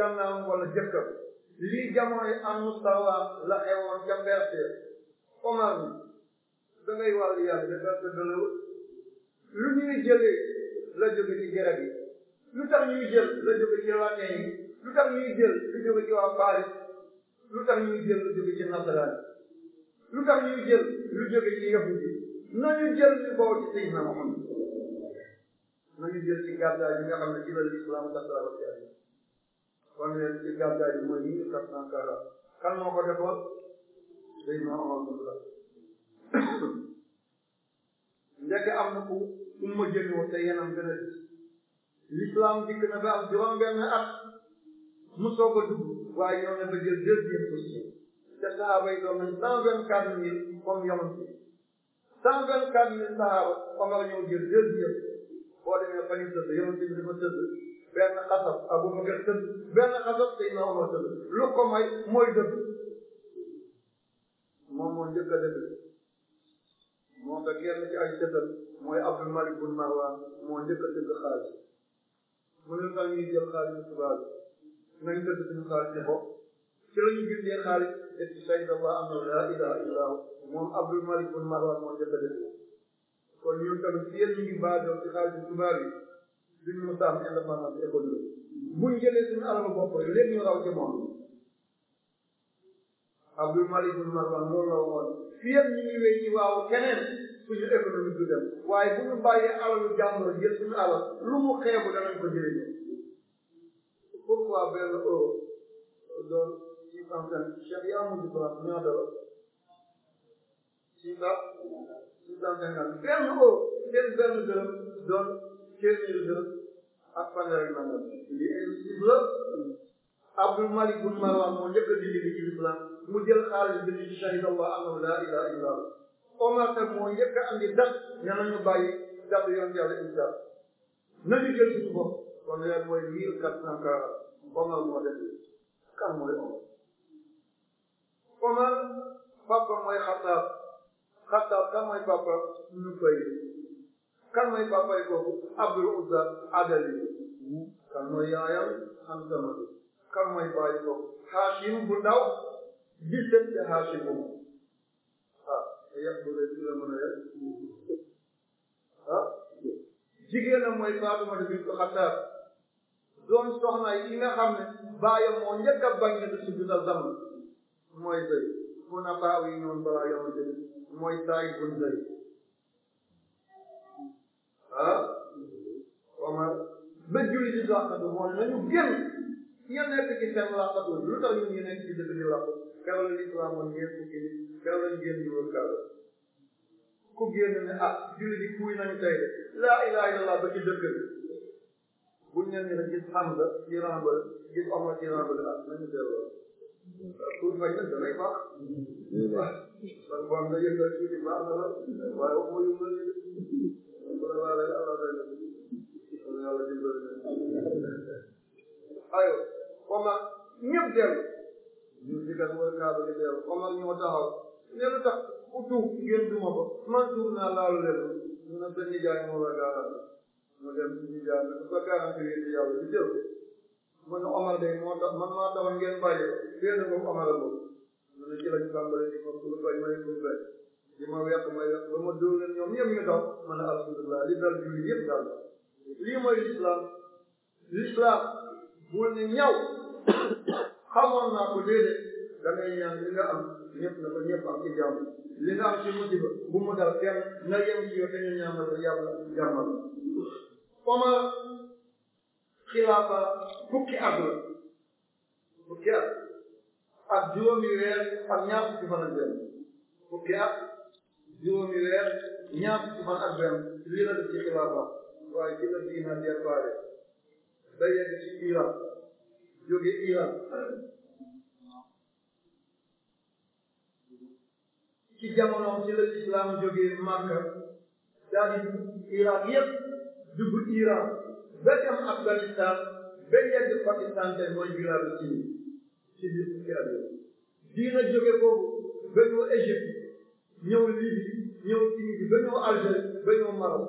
[SPEAKER 1] gannaaw wala jëkkër lii jamonoy an-Nusayra la xewoon ca Perse Omar bi da ngay wàllu yàlla dafa dalal lu ñuy jëlee la jóge ci garab yi lu tax ñuy jël la jóge ci waa yi lu tax ñuy jël lu jóge ci waa Paris lu tax ñuy jël lu jóge ci nasaraan lu tax ñuy jël lu jóge ci yahudi nañu jël li boo ci Seydina Muhammad nañu jël ci gàddaay yi nga xam ne ci la l'islam kon leen ci gàddaay bi mooy mille quatre cent quarante kan moo ko defoon Seydina Omar bin Khattab ndekk am na ku umma jënwoon te yenam gën a di l'islam dikk na ba am juróom benn at mu soog a dugg waaye ñoo ne ba jël deuxième position te sahaaba yi doon nañ cent vingt quatre mille comme yonent bi cent vingt quatre mille sahaaba Omar ñëw jël deuxième boo demee fañu tëdd yonent bi dafa tëdd benn xasab Abubakar tëdd benn xasab Seydina Omar tëdd lu ko may mooy dëgg moom moo njëkk a dëgg moo ko kenn ci ay sëtam mooy Abdul Malik bun Marwan moo njëkk a dëgg xaalis mu ne sax ñuy jël xaalis tubaab bi nañ dëgg suñu xaalis ne ko ci la ñu bindee xaalis et puis shahida Allah am na laa ilaha illa moom Abdul Malik bun Marwan moo njëkk a dëgg kon ñun tamit yéen ñu ngi baajoo ci xaalis tubaab yi li ñu sàmm indépendance économique bu ñu jëlee suñu alalu bopp rek lépp ñu raw ci monde Abdul Malik bin Marwan loolu la woon fii yëpp ñu ngi wéy ci waaw keneen suñu économie du dem waaye bu ñu bàyyee alalu jàmbur jël suñu alal lu mu xeebu danañ ko jëriñoo pourquoi benn euro doon six cent cinq cheikh yaa mujj France ñaata la six cent six cent cinquante benn euro seen benn dërëm téeméeri dër ak fanweer ak nangam lii ay chiffre la Abdul Malik bun Marwan moo njëkk a dindi bi ci mu jël xaalis bi ci shahid Allah annahu la ilaha illa Allah Omar nag moo njëkk a andi dat ne nañu bàyyi dat yoon yàlla Isa nañu jël suñu mooy Omar moo def mooy Omar Omar papa mooy Xattaab Xattaab kan mooy papa ñu fay kan mooy papay kooku Abdul Uzza Adali kan mooy yaayam Hamzama kan mooy baay kooku Hashim bu ndaw di sët ci Hashim bu ah yàq bu dee ci la mën a yàq ah, mooy Faatumata bint Xattaab doon soxna yi nga xam ne baayam moo njëkk a bañ di si dundal zaman mooy tey mun a faaw yi ñoon balaa yomante bi mooy taay bun tey ah Omar ba julli ci làqatu mooy nañu génn ña nekk ci seen làqatu lu tax ñu nekk ci dëkk di làqu keroog la lislaam moon ñeent fukki nit keroog lañ génn juróom kaw ku génn ne ah julli di kuy nañu tey laa ilaha illallah ba ci dëkk bi buñ leen ne gis Hamza ci Rambal gis Omar ci Rambal ah nañu delloo pour fay na danay baax waaw man boo am nga yëngal tuuti baax na la waaye waxuma yu mel aywa Omar ñëpp dellu ñun si kat wër Kaaba gi dellu Omar ñoo taxaw ne lu tax ku tuub ngeen duma ko man tuub naa laalu leen ñu ne sa nijaay moo la gaaral mu dem si nijaay bi ba garanti wér di yàlla di jël mu ne Omar day moo tax man maa taxoon ngeen bàyyi ko féer na ko Omar a boobu mu ne ci lañ tàmbale di ko lu bañ may ko bañ li ma weq ma weq ba ma dóor leen ñoom ñëpp ñu daw ma ne alhamdulilah li dal jullit yëpp dal lii mooy l'islam l'islam bul ne ñaw xamoon naa ko déedéet da ngay ñaan li nga am ñëpp na ko ñëpp am ci jàmm li nga am ci musiba bu mu dal kenn na yem ci yow te ñu ñaanal ko yàlla jàmmal Omar xilaafa fukki at la fukki at ak juróomi weer ak ñaar fukki fan ak benn fukki at juróomi weer ñaar fukki fan ak benn lii la def ci xilaafa waaye ci la diina déparé ba yegg ci Irak jóge Irak ci jamono ci la islam jóge Makka daal di Irak yëpp dugg Irak ba dem Afghanistan ba yegg Pakistan te mooy biladu ci ci biir fukki at diina jóge foofu ba ñëw Égypte ñëw Libye ñëw Tunisie ba ñëw Algérie ba ñëw Maroc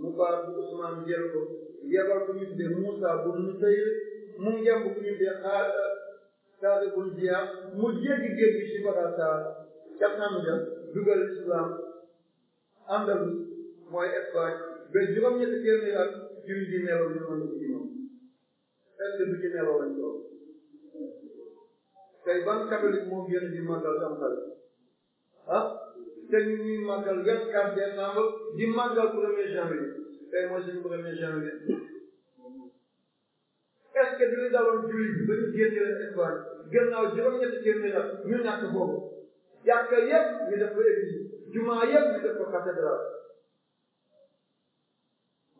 [SPEAKER 1] mu baax Ousmane jël ko yebal ko ñu tuddee Moussa bun Nusayr mu ngemb ko ñu tuddee xaar Saad bun Ziyaad mu jéggi géej gi ci Bagdad ca Hamza dugal islam Andalus mooy Espagne ba juróom-ñetti téeméer ak jur di nelaw ñu mën ci moom est-ce que du ci nelaw lañ toog tey ban catholique moo génn di màggal Tamxarit ah te ñu ñuy màggal vingt premier janvier tey mooy premier janvier est ce que du ñu daloon julli bi ba ñu génne leen espoir gannaaw juróom-ñetti téeméer la ñu ñàkk boobu jàkka yépp ñu def ko église jumaa yépp ñu def ko cathédrale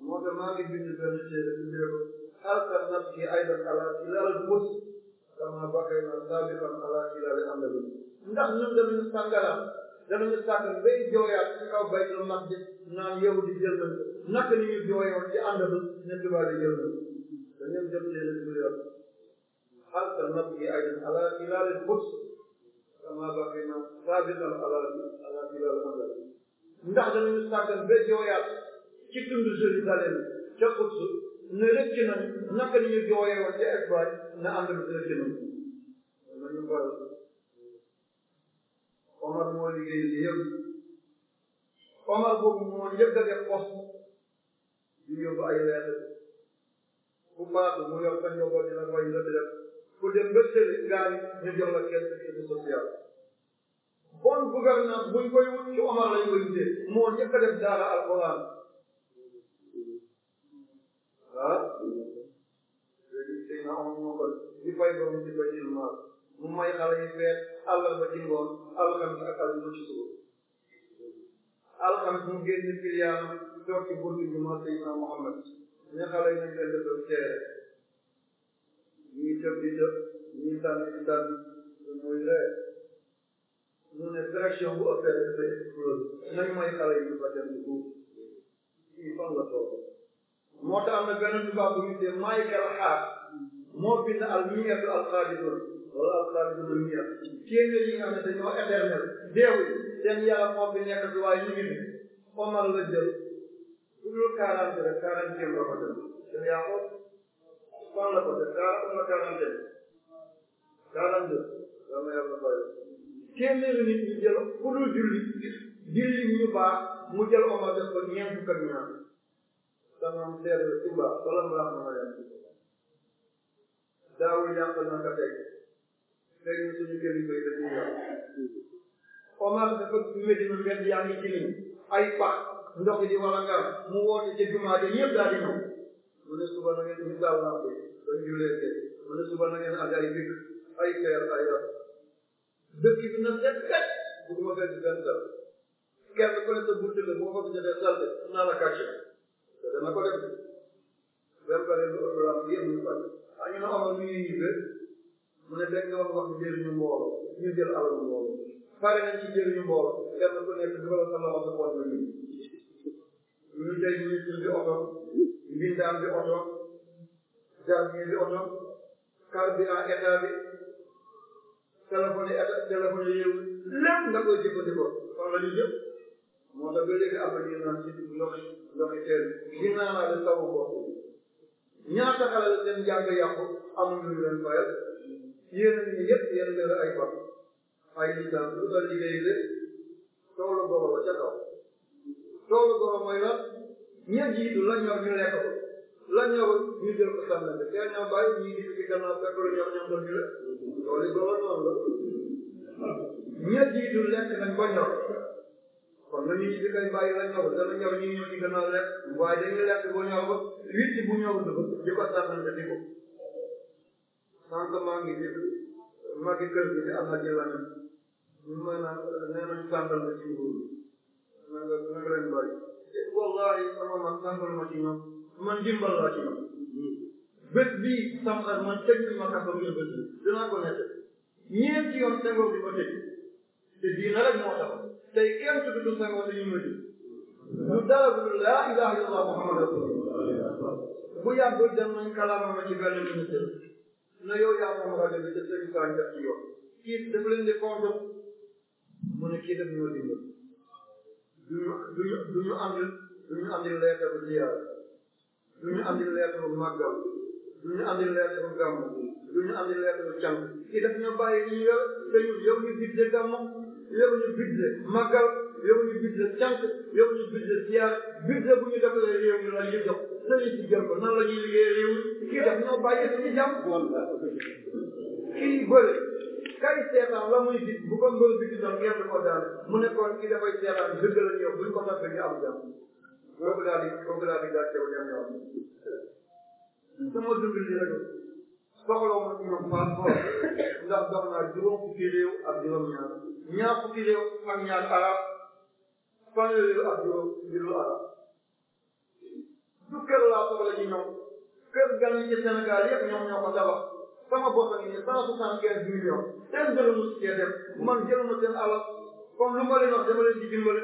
[SPEAKER 1] moo tax maa ngi bind benn téere bi ko alka nafsi aydan ala ilal mos kama bakayna sabiqan ala hilali amali ndax ñun danañu sàngalaam danañu sàngal jooyaat ci kaw baytul maqdis naan yow di jël nañ naka ni ñu jooyoon ci ànd bi ne tubaab yi jël nañ dañu jëm ci leen lu yor hal tanabbi aydan ala hilali quds kama bakayna sabiqan ala ala hilali amali ndax danañu sàngal bay ci tund Jérusalem ca Quds ne rëcc nañ naka ni ci Espagne na engrais bi dina génn nañu xool Omar moo liggéey li yëpp Omar boobu moo njëkk a def post di yóbbu ay weer bu faatu mu yor sa njaboot dina koy njëkk def ku dem ba sëri gaal ñu jox la kenn social bon gouvernance buñ koy wut ci Omar lañ koy wutee moo njëkk a def daara alquran ah Seydina Omar moo ko di fay doom ci Baytul Maal mu may xale yi feet àllarba ci ngoon alxames ak àjjuma ci suba alxames mu génn filiyaam toog ci buntu jumaa Seydina Muhammad ñu xale yi ñu leen defal teere ñuy tëb di tëb ñuy tànn di tànn muy ree mu ne pression bu ëppee dafay explose nañ may xale yi ñu fa dem di tuub fii fan la toog moo tax am na benn tubaab bu ñu dee maay xel xaar moo bind al miatu al xaalidoon wala al xaalidoon al miat téeméer yi nga xam ne dañoo éternel deewul seen yaram moo fi nekk bi waaye ñu ngi ne Omar la jël bu dul quarante rek quarante la ko def seen yaa ko fan la ko def quarante la quarante quarante dama yàlla bàyyi téeméeri nit ñu jël ku dul julli julli ñu baax mu jël Omar def ko ñeent fukk ak ñaar sama seetlu Tuuba wala mu daawul yàq na ka teg fekk suñu kilifa yi dañuy yàq Omar dafa Medina mbedd yaa ngi tilim ay pax ndox di wala ngar mu woote ci jumaa ji ñëpp daal di ñëw mu ne suba na ngeen ñu daal laa ba julee mu ne suba na ngeen ak ay bik ay xeer ay yàq dëkk bi na set kat bugguma fekk benn dara kenn ku ne sa buntu la boo ko jëlee salte naa la kàcce te dana ko def verkale lu ëpp la am yëpp ñu fàtte ah ñu ne Omar mi ngi ñibbe mu ne fekk nga wax wax jëriñu mbooloo ñu jël alalu mbooloo pare nañ ci jëriñu mbooloo kenn ku nekk dugalal sa loxo sa poche bi ñu tey ministre bi oto mbindaan bi oto jardin bi oto carburant état bi téléphone état téléphone yi lépp nga koy jëfandikoo kon la ñu jëm moo tax ba léegi après ñu naan ci ndoxi ndoxi teel ginnaaw naa de tawu bopp ñaata xalal seen jàng yàqu amul lu leen fayal yéen a ngi yëpp yéen a ay bor ay lislaam lu doon liggéey la toolu booba ba ca kaw toolu booba mooy lan ña jiitu la ñor ñu lekk ko la ñorul ñu jël ko sànnante tey ñoo bàyyi ñii di ci kon na nit ñi di koy bàyyi la ñor dana ñor ñu ñëw ci gannaaw rek lekk ba ñor ba nit ñi bu ñorul dugg di ko sàrante di ko sànq maa ngi jël maa ngi kër gi di am na jëlaat maanaam nee nañ sànqal na ci nguur na nga na nga leen bàyyi wallahi sama mag sànqal ma ci ñoom man dimbal laa ci ñoom bés bii sànqal man tëj nañ ma kàttan nga bés bi dinaa ko nekk ñeenti yoon tegoo di ko tëj te diina rek moo tax tey kenn tudd du sangoo te ñu mujj ñu dara du laa ilaha illallah muhammad bu yàggul dem nañ kalaama ma ci benn ministre na yow yaa moom rajo bi te sëriñ saa njëkk ci yow kii daf leen di contre mu ne kii daf ñoo dimbal duñu duñu duñu andi duñu andi lettre bu ziyaar duñu andi lettre bu màggal duñu andi lettre bu gàmm duñu andi lettre bu cant kii daf ñoo bàyyi ñu yor te ñu yow ñu gis de gàmm yoruñu budget màggal yoruñu budget cant yoruñu budget siyaar budget bu ñu defalee réew mi la ñuy jox sëriñ si jël ko nan la ñuy liggéey réew mi kii daf noo bàyyi suñu jàmm kii bëri kay seetaan la muy gis bu ko mbër bi gisoon ngeen di ko daal mu ne kon kii dafay seetaan dëgg la ñëw buñ ko toppee ñu am jàmm kooku daal di kooku daal di daal teew dem yoon sama dund li rek soxla ma ñoom passeport ndax dox naa juróom fukki réew ak juróom ñaar ñaar fukki réew ak ñaar arab fanweeri ak juróom mbiru arab du kër laa soxla ci ñoom kër gan yi ci Sénégal yëpp ñoom ñoo ko tabax sama bopp a ngi ne cent soixante-quinze millions seen dërëm su cee dem man jëluma seen alal comme lu ma leen wax dama leen di dimbale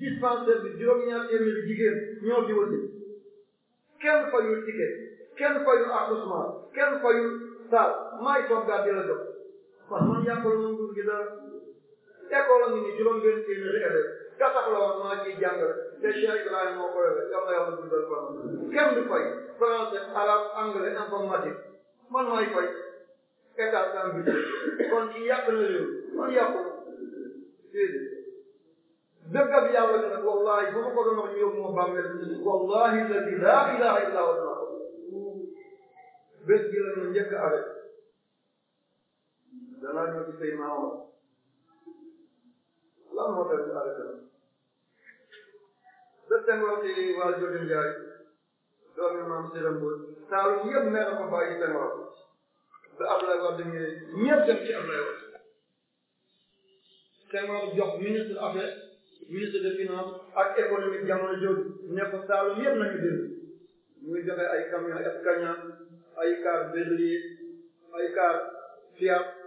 [SPEAKER 1] dispensaire bi juróom-ñaar téeméeri jigéen ñoo di wasi kenn fayul ticket kenn fayul accouchement kenn fayul saal maay toog gaa di la jox man man yàqul dund gi dara école am ni juróom-benn téeméeri élève gattax la woon maa ciy jàngale te Cheikh Ibrahima moo ko yore yal na yàlla dundal ko kenn du fay français arabe anglais informatique man maay fay état sans budget kon ci yàq na réew man yàqu déedéet dëgg ak yàlla bi nag wallahi bu ma ko doon wax ñu yóbbu ma bàmmeel wallahi la ilaha illa allah bés bi la ñu njëkk arrêté danaa ñëw ci Seydina Omar lan moo tax ñu arrêté na sa tengoo ci waa Jodi Ndiaye doomi maam Sirem Mbodj taalu ñëpp nee na ko bàyyi tengoo ba Ablaye Wade ñëwee ñëpp dem ci Ablaye Wade Senghor jox ministre affaire ministre de finance ak économie jamono jooju ne ko Saalum yëpp nañu dén muy joxe ay camion Scania ay car Berlier ay car Fiat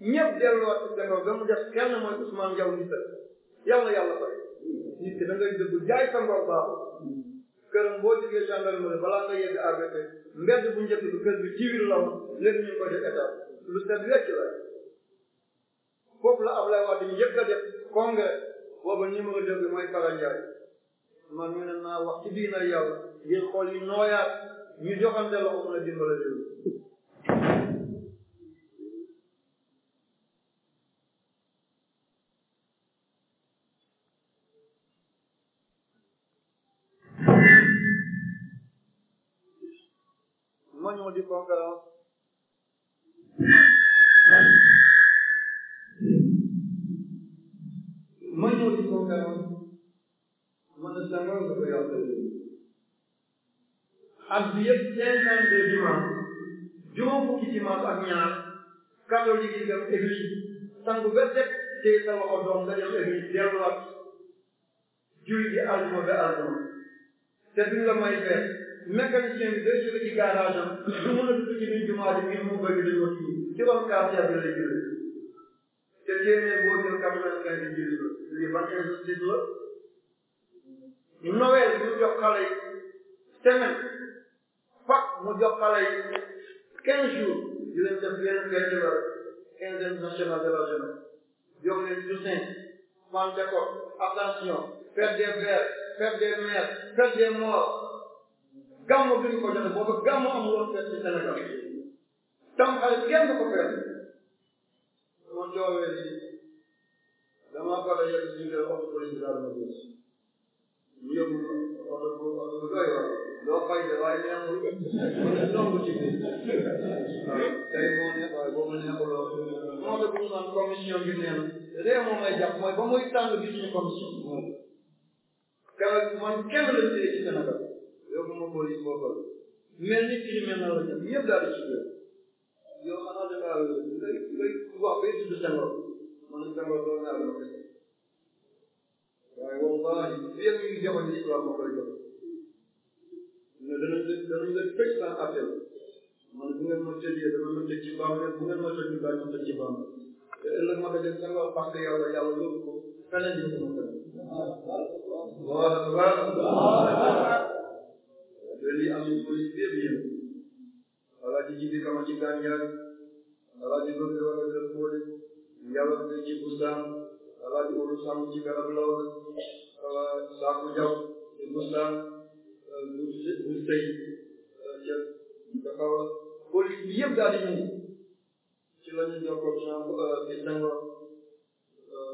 [SPEAKER 1] ñëpp delloo ci delloo ba mu def kenn mooy Ousmane Diaw ñu tëdd yàlla yàlla fay nit ki da ngay dëgg jaay sa ngor baaxul këram boo jógee gendarmerie balaa nga yegg AVP mbedd bu njëkk bi kër bi jiwir law léegi ñu koy def état lu set wecc la foofu la Ablaye Wade ñu yëpp a def congrès boobu numéro deux bi mooy Kara Ndiaye man ñu ne naa wax ci diina yàlla ngir xool yi nooyaat ñu joxante loxo mën a dimbala jël Gott.
[SPEAKER 2] ma ñëw ci conférence
[SPEAKER 1] ma ne sànqal ko yàlla at bi yëpp cinquante deux dimanche juróom fukki dimanche ak ñaar catholique yi dem église sangu ba set te sa loxo nga dem église delluwaat julli ji àjjuma ba àjjuma te duñ la may mécanicien bi day jóge ci garage am lu mën a dugg ci biir jumaa ji ngir mu bëgg dañoo kii ci ron quartier bi lay jëlee te téeméer boo jël quatre-vingt-quinze jël la li ban injustice la Noël ñu jox xale yi semaine Pâques mu jox xale yi quinze jours di leen def yeneen festival quinzaine nationale de la jeunesse jox leen Toussaint Pentecôte attention fête des pères fête des mères fête des morts gàmmu gënu ko joxe boobu gàmmu am woon feet ci Sénégal tam xarit kenn du ko feet dama joowee ni dama pare yor si ñu wax police daal ma gis ñu yóbbu oto bu oto bu doy wax doo fay de waaye neexul mën a dong ci biir tey moo ne waaye boo ma neexul lool moo tax bu ñu naan commission bi neen réew moom lay jàpp mooy ba muy tànn gis ñu commission keroog man kenn la ci Sénégal yóbbu ma police ko mel ni criminel di ci biir yow xanaa dafa ngay ngay wax bay tudd Senghor man Senghor doon naa la kese waaye wallahi yëpp yu jamono islam moo koy jox ne danañ leen danañ leen tëj sans appel man bu ngeen ma tëjee dama ma tëj ci baam bu ngeen ma tëj baam ma tëj ci baam te ëllëg ma dajale Senghor parce que yàlla yàlla yóbbu dalili alizoisikia alajijibu kama jiganya alajizokewa kekepole yawa kejibu sam alaji urusam jikara blog ala saku jaw ibu sam gustay ca dafa police bi yëpp daal di ñëw ci la ñu jokkoo ci Senghor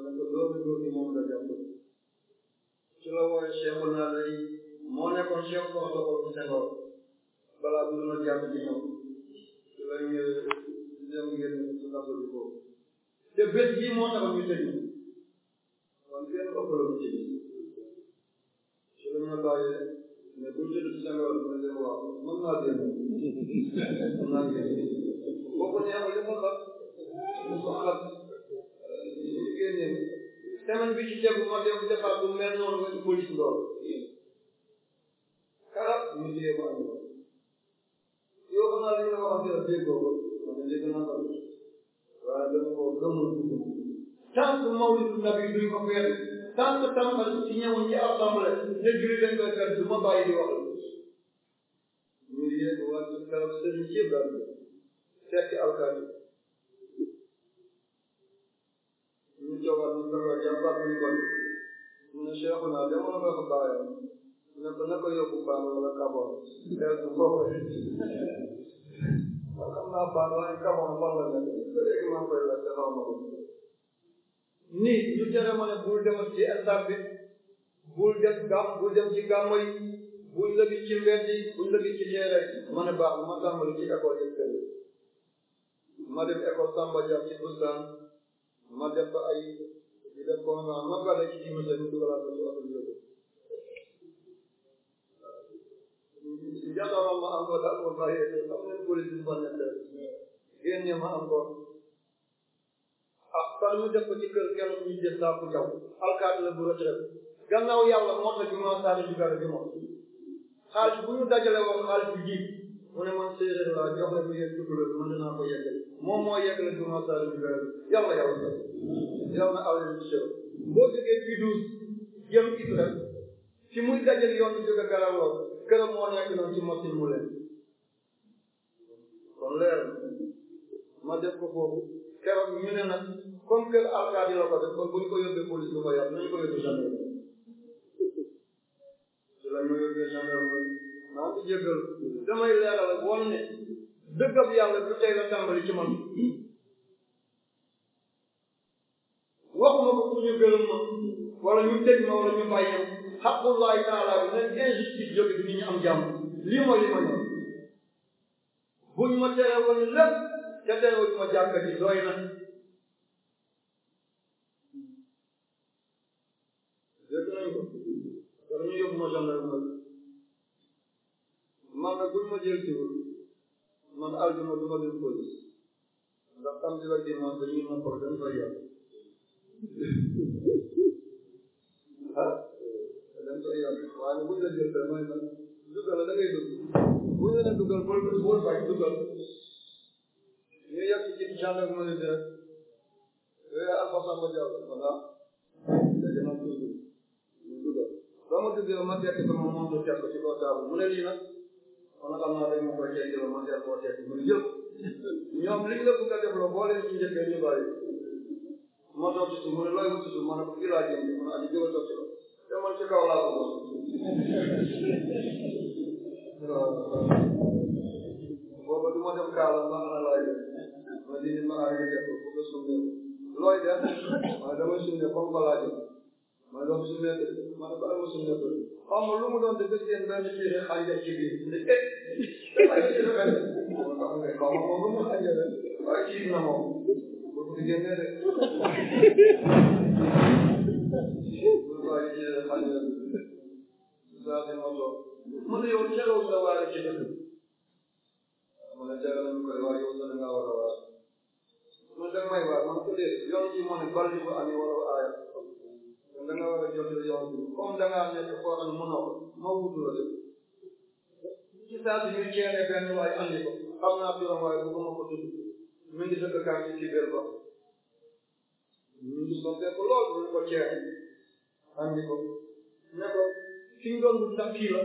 [SPEAKER 1] ne ko doomu góor gi moom la jàpp ci la woowee Cheikh naa lay moo nekkoon chef protocole bu Senghor balaa bu doon jàpp ci ñoom dafay dem ngeen ci kaso bi ko te bés bii moo taxoon ñu tëj kon kenn ëpp la ko jël su la mën a bàyyee mais bu ñu tëj Senghor dina leen waaw mën naa génn mën naa génn boo ko neexee li mu xat mu ko xat ñu génnee semaine bi ci tegu ma dem defaat bu mel noonu nga ci police lool ñu téye ko andi yow xam naa li nga wax ak yow ko man de dégg naa ko waaye dama ko gëmul tant que mawlidu nabi duñ ko fexe tant que tàmbal ci ñëw ci assemblée ne julli dañ koy fexe du ma bàyyi di wax ñu di yéen waa ci kaw sëriñ yëpp daal fekk alkaati ñu jogal ñu ko jàppaat ñu ko mu ne cheikhuna demoon nga ko bàyyi ne ko na ko yóbbu Baal wala Kaboor teel du bokk man xam naa Baal wala Kaboor man la mel léegi maa koy laaj xaw ma ko nii ñu tere ma ne bul dem ci instant bi bul dem gàmm bul dem ci gàmm yi bul lëbi ci mbedd yi bul lëbi ci jeere ma ne baax ma tàmbali ci école yi kër ma dem école Samba Dia ci Boustan ma def ay di def conférence ma ko ci dimanche bi dugalal ko ci oto jàllal ma am ko daal ma bàyyi leen xam ngeen politique bu nekk yéen ñi ma am ko def ko ci kër kenn ñu jël saa jaw alkaati la bu retraite gannaaw yàlla moo tax ñu mën a saa ci kër gi moom bu ñu dajale woon xaalis bi mu ne man séeréer laa jox la ko yegg tukulóor mën naa ko yegg moom moo yegg la ñu mën a saa ci kër gi yàlla yàlla sax yàlla na awle ci sew boo jógee fii douze jëm Israël ci muy dajal yoon bi jóge garab këram moo nekk noonu ci motil mu leen kon leer ma def ko foofu keroog ñu ne nag comme que alkaati la ko def kon bu ñu ko yóbbee police lu ko yàq nañu ko yóbbee gendarmerie ci la ñu yóbbee gendarmerie maa ngi jéggal damay leeral ak woon ne dëggab yàlla du tey la tàmbali ci man waxuma ko pour ñu gërëm ma wala ñu teg ma wala ñu bàyyi xaqullahi taala bi nañ injustice jóge bi nit ñi am jàmm lii mooy li ma ñor buñ ma tere woon lépp te terewuñ ma jàkka ji doy na dégg nañ ko dafa ñu yóbbu ma gendarmerie man ma jël tiwul man aljuma du ma dem police ndax tam di la dimanche dañuy ma problème koy yàlla ah dañ koy yàq waaye nag bu ñu la jël mooy nag dugal la da ngay dugg bu ñu la dugal bol bol fay dugal ñu yàq ci gendarmerie bi rek yooyu Alpha Samba Diallo voilà daje naa ko dugg ñu dugal ba ma duggee ma tekki sama moom mu tekk ci kaw taabu mu ne lii nag kon xam naa rek mu koy tekki ma tekk koo mu ne yëpp ñoom liñ la bëgg a def la boo leen ci njëkkee ñu bàyyi ma toog ci suuf mu ne looy ma ci suuf ma ne ko fii laa jëm mu ne ah ñu jóge toog ci man ci kaw laa bëgg booba du ma dem kaala ma ana looy def ma di ma arrêté def ko nga sumne looy def ma dama sumne comme ko laa def ma doon sumne ma ne ko dama sumne ko xaw ma lu mu doon de gis ngeen benn biir xànjab ci biir ne eh dafay ci lu mel ma tax nga xaw ma moom lu mu xànjabe waaye kii na moom bu ko génnee rek je hajja zaadima to mu ne yow jarul nga waar ci dëkk mu ne jarul ñu koy waar yow sa nga war a waar mu ne may waar man ko dee yoon ji mu ne bal ko ani war a aaya da nga war a jot yoon bi comme da ngaa nekk foo xam ne mënoo ko moo wutu la dëkk ci saa si ñu ceene benn waay andi ko xam naa turam waaye bëgguma ko tudd mi ngi dëkk kaa ci ci biir ba ñu ngi soppee ko lool ñu ko ceene andi ko ne ko ki nga doon wut sax kii la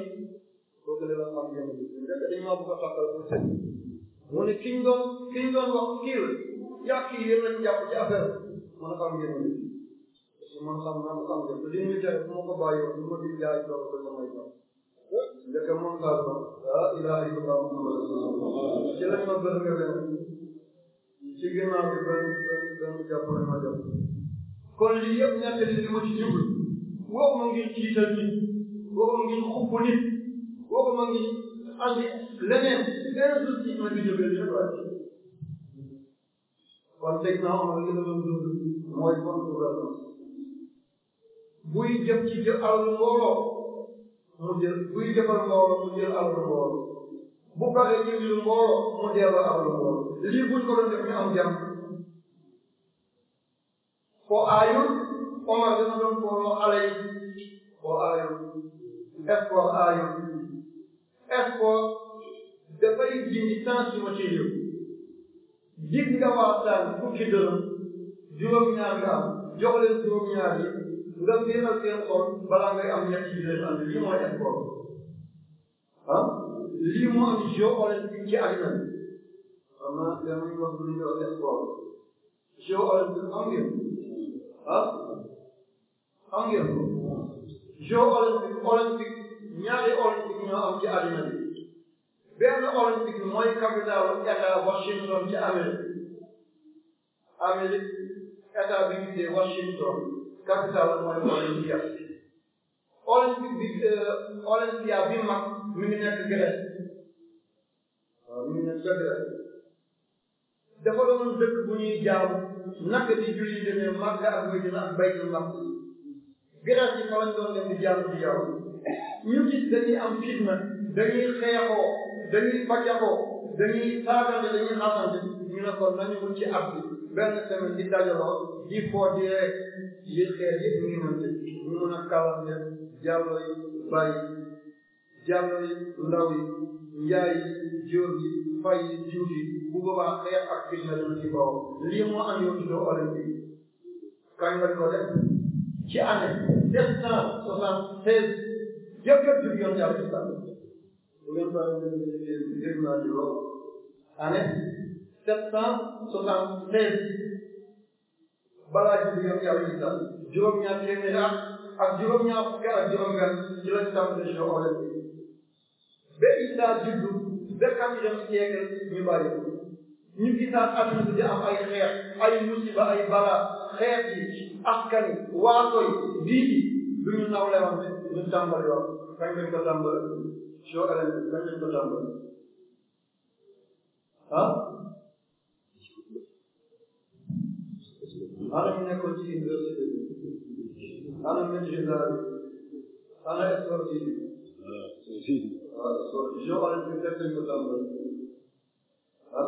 [SPEAKER 1] kooku la xam jamono bi nekk dañ maa bëgg a fàttal pour set mu ne ki nga doon ki nga doon wax kii la yaa kii yéen lañ jàpp ci affaire mën a xam jamono bi man xam naa ma xam jamono li muy tere su ma ko bàyyiwoon lu ma di jaay jox ko la may jox ndeke moom saa ko ah ilaha illallah muhammad rasulullah ci lañ ma bëgg ci ginnaaw bi benn benn benn jàpp lañ ma jàpp kon lii yëpp ñett li ma ci jublu woo ko ma ngir jiital nit woo ko ma ngir xubb nit woo ko ma ngir andi leneen li gën a tuuti ma di jóge lépp waay kon teg naa am li nga doon dund mooy bonne buy jëf ci jëf alalu mbooloo mu jël buy jëfal mbooloo mu jël alalu mbooloo bu paree ñu jël mbooloo mu delloo alalu mbooloo lii buñ ko doon def ñu am jàmm foo aayul Omar dina doon booloo xale yi boo aayoo sport aayoo sport dafay dindi tension ci yow dig nga waxtaan fukki dërëm juróom-ñaar nga am jox leen juróom-ñaar yi nga féeral seen xol balaa ngay am ñetti bi leen am lii mooy sport ah lii moo am jeu olympique ci àddina bi xam naa damay wax lu ñu wax sport jeu olympique am ngeen ah xam ngeen ko jeux olympique olympique ñaari olympique ñoo am ci àdduna bi benn olympique mooy capitale état Washington ci Amérique Amérique état bi ñu Washington capitale mooy Olympia olympique bi euh, Olympia bi mag mi ngi nekk Grèce waaw mi ngi nekk Grèce dafa doon dëkk bu ñuy jaamu naka di julli demee Makka ak Medina ak Baytul Maqdis grec yi fa lañ doon dem di jàll di jàll ñu gis dañuy am fitna dañuy xeexoo dañuy fajaxoo dañuy saagante dañuy xasante ñu ne kon nañu mun ci ab bi benn semaine di dajaloo di foo di rek yi xeer yëpp ñu mën ci ñu mën a kawante jàllo yi bàyyi jàllo yi ndaw yi njaay yi jóor yi fay yi juuf yi bu boobaa xeex ak fitna dañ ci bawoo lii moo am yow ci olympique kañ lañ ko def ci année sept cent soixante seize yëpp jur yoon yàlla ci sànni bu ngeen faral di déglu naa ci loolu année sept cent soixante seize balaa jur yoon yàlla ci sànni juróom-ñaar téeméer ak juróom-ñaar fukk ak juróom-benn ci lañ tàmbali show wala ba Isa juddu vingt-quatrième siècle ñu bàyyi ñu gisaat àdduna bi di am ay xeex ay musiba ay balaa xeex yi askan waa koy diigi du ñu naw lewoon ne ñu tàmbali wax kañ lañ ko tàmbali show elen kañ lañ ko tàmbali ah ana ñu nekkoon ci université bi ana métier daal ana sportif waaw ah, sportif ah, show elen kañ ko tàmbali ah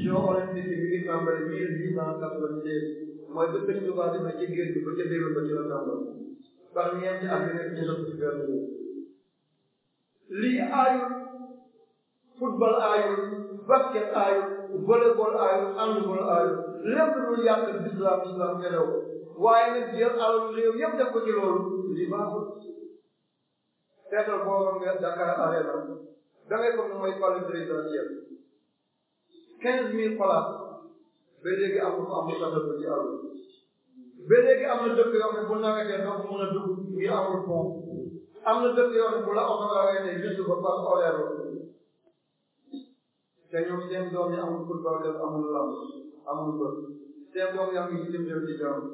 [SPEAKER 1] émission olympique bi ngi tàmbali mille huit cent quatre-vingt-deux mooy ba sëñ Tuubaa dina ci géej gi ba ca déwén ba ci la tàmbali ndax ñeenti at yi nekk ñu def ci benn lii aayul football aayul basket aayul volleyball aayul handball aayul lépp lu yàq islam islam terew waaye nag jël alalu réew yëpp def ko ci loolu lii baaxul seetal boo xam nga Dakar Arena da ngay foog mooy palais présidentiel quinze mille palaas ba léegi am na fa am na ci àll ba léegi am na dëkk yoo xam ne bu nawetee doo ko mën a dugg ngi amul pont am na dëkk yoo xam ne bu la oto nawetee juste ba pas horaire te ñoom seen doom yi amul football club amul lamb amul bët seen doom yaa ngi ci dem dem ci jàmm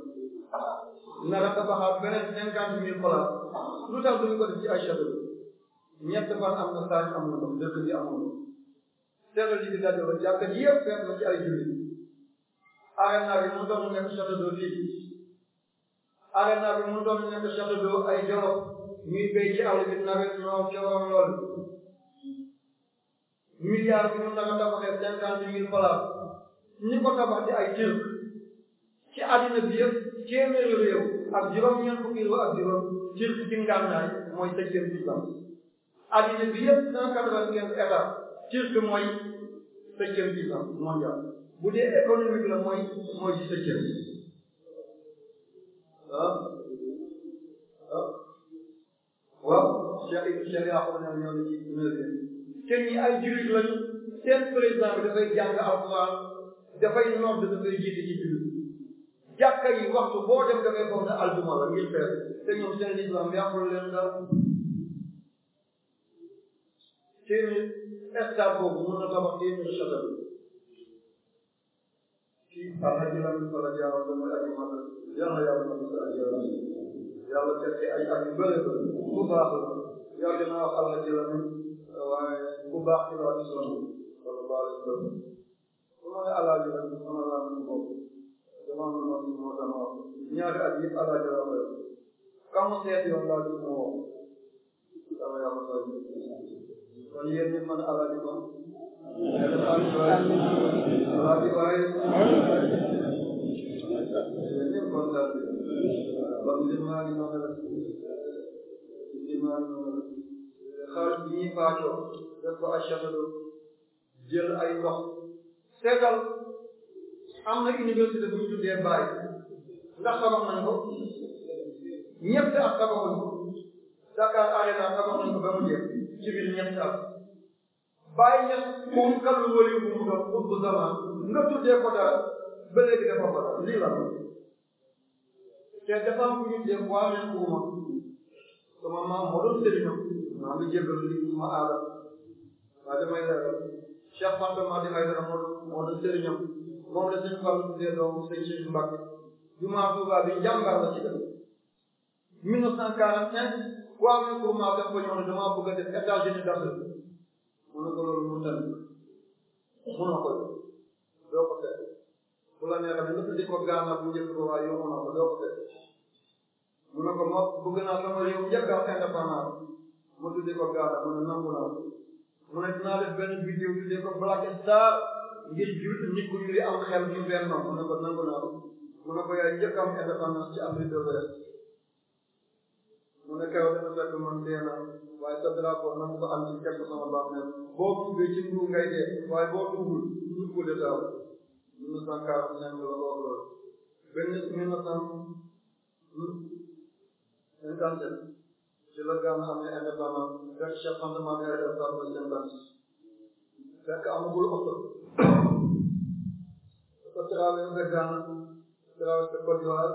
[SPEAKER 1] nara tabaxaat beneen cinquante mille palaas lu tax duñ ko def ci ay château ñett fan am na saaj amul dëkk bi amul seetal li bi daal di jàkka ji yëpp fees na ci ay jullit arena bi mu doon nekk château d'eau a arena bi mu doon nekk château d'eau ay jolof ñuy béy ci àll bi nawet ñoo coroon lool milliard bi ñu naka tabaxee cinquante mille dollars ñi ko tabax di ay turc ci àddina bi yëpp téeméeri réew ak juróom-ñeent fukki réew ak juróom turc ci ngànnaay mooy tëj seen islam àddina bi yëpp cent quatre-vingt-quinze états Turc mooy septième bi la mondial bu dee économique la mooy mooy di septième ah ah
[SPEAKER 2] waaw
[SPEAKER 1] Cheikh Cheikh Yacoub ne ñoo ngi ci neuvième te ñi ay jullit lañu seen président bi dafay jàng alxuraan dafay nodd dafay jiite ci jullit jàkka yi waxtu boo dem dafay foog ne aljuma la ngir feer te ñoom seen islam yàqul leen dara escale boobu mën na tabax téeméeri château bi kii Alhaji Lamine Fala Diallo damay aji maanaam yàlla yàlla na ko aji yàlla yàlla teg ay at yu bëri ba bu baax la yàlla dinaa wax Alhaji Lamine waaye bu baax ci la aji sonn sallallahu alayhi wa sallam bu ma ne Alhaji Lamine sama laa mu bopp dama am lu ma fi moo dama wax ñaari at yëpp Alhaji Lamine kamu seet yoon laa dugg moo wax dama yàlla kon yéen ñi mën alaaji ko alaaji waay yéen ñëpp kontaan kon limaani noonu la limaani noonu la xaalis bi ñuy faajoo def ko achafado jël ay ndox seetal am na université bu ñu tuddee Baye ndax tabax nañ ko ñëpp ak tabaxuñ ko Dakar arena tabax nañ ko ba mu jeex Jibril ñett am bàyyi ñett moom kàllu wëli bu mu doon xutbu zaman nga tuddee ko dara ba léegi dafa ko dara lii la te dafa am ñu des fois même buuma sama maam moo doon sëriñam maa ngi jégal li ma aada waaye damay leeral Cheikh Fanta maa di ay dara moo moo doon sëriñam moom la sëñ Fall tuddee doomu sëñ Cheikh Mbacke jumaa Tuubaa bi jàmbaar la ci def 1945 ku am na groupement def ko ñëw ne damaa bëgg a def états-unis d'Afrique mu ne ko loolu mu tënk munoo ko doo ko fekk bu la neexee nga tuddee ko Ghana bu njëkk ko waaye yow munoo ko doo ko mu ne ko ma bëgg naa sama réew njëkk a indépendance mu tuddee ko Ghana mu ne nangu naa ko mu ne dinaa def benn vidéo tuddee ko Black Star ngir jur nit ku ñu am xel ñu benn mu ne ko nangu naa ko mu ne ko yaay njëkk a am indépendance ci Afrique de l'Ouest mu ne keroog dama fekk man dee naa waaye sa drapeau na mu ko am ci képp sama bàmmeel boo duggee ci nguur ngay dee waaye boo duggul ñu ko détaal mille neuf cent quarante cinq la wax loolu benn mille neuf cent cinquante sept ci la Ghana amee indépendance fekk chef fondement RDC ba cinquante six fekk amagul oto dafa traversé Ghana traversé Côte d'Ivoire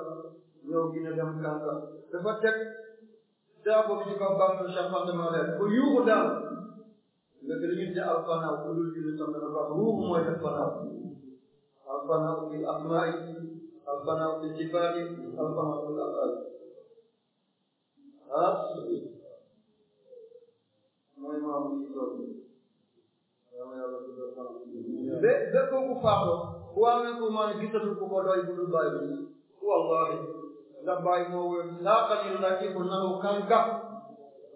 [SPEAKER 1] ñëw Guinée dem Kanka dafa teg daa boobu ci kaw bàmmeelu Cheikh Fanta moo leen ko yuuxu daal nga gën a ñu ne alfanaaw ku dul julli tam dana ko ruuxu mooy alfanaaw alfanaaw bi asmaai alfanaaw bi sifaati alfanaaw bi afal ah mooy maamu ci toog bé bépp ku faatoo ku amee ku maa ne gisatu ku ko doy bu dul bàyyi wallahi nga bàyyi moo wër laa xam ne laa kii ko nangu kànga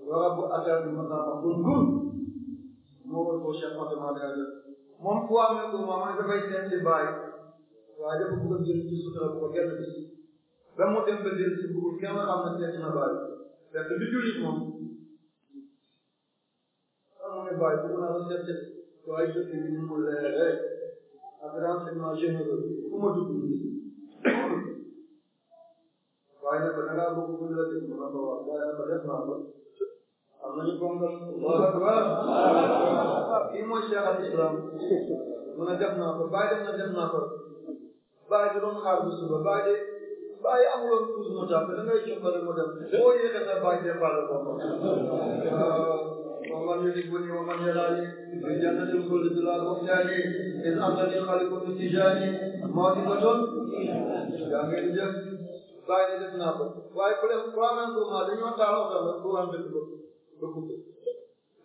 [SPEAKER 1] wala bu affaire bi mën naa ko ndur moo wër ko chef Fatima Diagne moom ku am ko maman dafay seet di bàyyi waaye dafa bëgg a jël ci sutura bu ko kenn gis ba mu dem ba jël si bëggul kenn xam ne seet na bàyyi fekk li jullit moom amu ne bàyyi bëgg naa la seet waaye jot bi ni mu leeree ak renseignement généraux ku ma dugg waaye nag da ngaa bëgg bu ñu la déglu ma ko wax waaye nag def naa ko am nañu ponkal kii mooy Cheikh al Islam mu ne def naa ko bàyyi def na def naa ko bàyyi da doon xaar bu suba bàyyi bàyyi amuloon puus mu tàpp da ngay jox rek mu dem boo yéexee sa bàyyi dee baal ko ومن يحبني ومن يلالي في جنة كل ظلال وحداني إذ أنني خالق من تجاني موهبة يا من جد bàyyi ne def naa ko waaye bu dee trois vingt pour cent dañoo taal waxtaan la courant bi ko ba coupé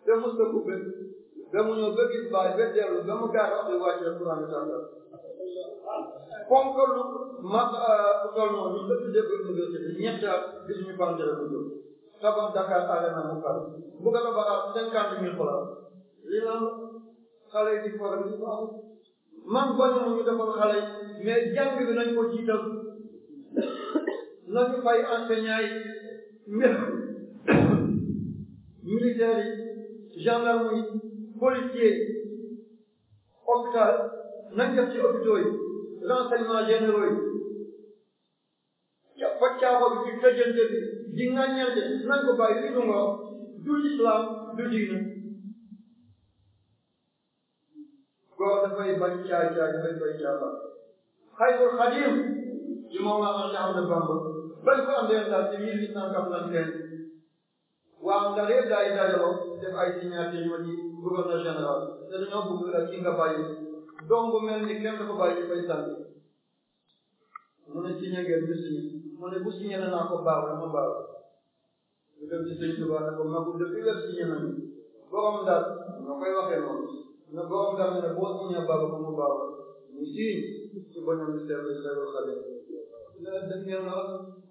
[SPEAKER 1] te mos ko coupé ba mu ñëw ba gis bàyyi ba dellu ba mu gaar wax di wàcce courant bi tàngal
[SPEAKER 2] comme que lu mag
[SPEAKER 1] tool noonu ñu dëkk dégg université ñetti at gis ñu fan jëre bu jóg tabax Dakar arena mu far bu ko tabaxaat cinquante mille francs lii lan xale yi di faral di ko am man bañu ñu defal xale yi mais jàng bi nañ ko jiital nañu fay enseignants yi médecins militaires yi gendarmerie policiers yi hôpital nañ def ci hôpitaux yi renseignements généraux yi ca paccaako bi di tëjante di ŋàññante nañ ko bàyyi li du ngor du l'islam du diine góor dafay bañ caay caay dafay bañ caay xayrul xadim ci bari ko am daal ci mille huit cent quatre-vingt-quinze waa Ndare gaa yi dajaloo def ay signature ñoo ci gouverneur général te dañoo bëgg ki nga bàyyi donc mel ni kenn dafa bàyyi fay sànq mu ne signé ngeen ñu signé mu ne bu signé naa ko baax dama baax ñu dem ci sëñ Tuba ne ko magul depuis weer signé nañu borom daal ma koy waxee noonu ne borom daal ne boo signé baax ko mu baax ñu signé ci bonam seetlu seetlu xale def ngeen la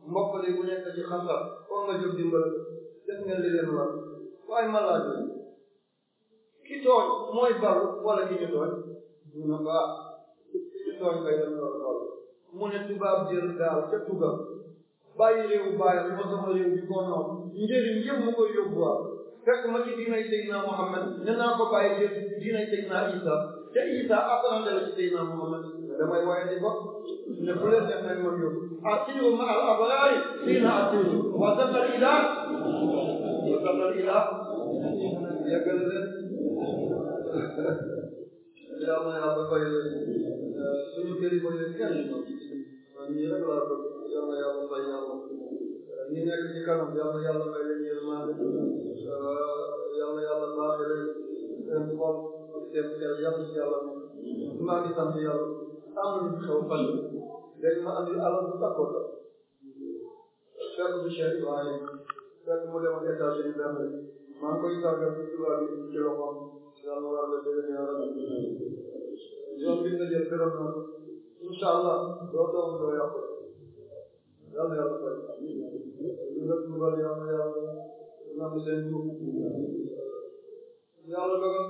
[SPEAKER 1] mbokk li bu nekk ci xam-xam war nga jóg dimbal def ngeen li leen war waaye ma ki tooñ mooy balu wala ki ñu tooñ ñu ne ah, ki tooñ kay dem lool lool mu ne tubaab jël gaal ca tugal bàyyi réewu bàyyam ba sama réew di ko noom njëriñ yëpp mu koy yóbbuwaat fekk ma ci diinay Seydina Muhammad ne naa ko bàyyi jël diinay Seydina Isa te Isa asalaamaaleykum la ci Seydina Muhammad damay waaye di bopp ne bu leen def nag ma yóbbu asiru ma al abraari fiina asiru wa safal ila wa safal ila yeggal leen yàlla na yàlla fay leen suñu kilifa yi kenn ñi rek laa bëgg yàlla yàlla fay yàlla ñi nekk ci kanam yàlla yàlla may leen yërmande yàlla yàlla baaxee leen seen xol teew teew yàlla ci yàlla maa ngi sant yàlla am lu xew fan léegi ma andi alal bu takkoon la fekk bi cher waaye fekk mu demoon États-Unis benn maa ngi koy tàggat ci tubaab bi ci loxoom yàlla war la dégg yàlla yoon bi nga jël gërëm na incha allah doo doom doo yàqu yàlla yàlla fay ñu nga tuubal yàlla yàlla nam seen tuub yàlla dogal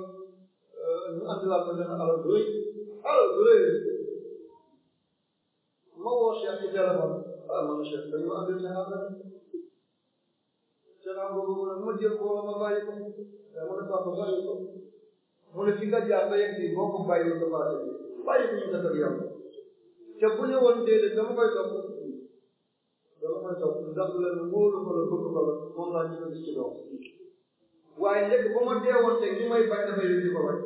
[SPEAKER 1] andylamy ten alal duli, alal duli. Mało się niewiele mam, ale może się spełniło, aby się nawet. Chciałem go w ogóle, no dziel było, ma bajko, ja może to poważnie to. Może figa jàpp yegg si boo ko bàyyiwul dafa la demee bàyyi ko ñu defal yàlla te bu ñu woon déedéet dama koy topp dama koy topp ndax leen wóolu ko la bëgg ko la moom laa ñu gis ci doom waaye léegi ba ma dee woon te ki may bañ dafay yëngu ko bañ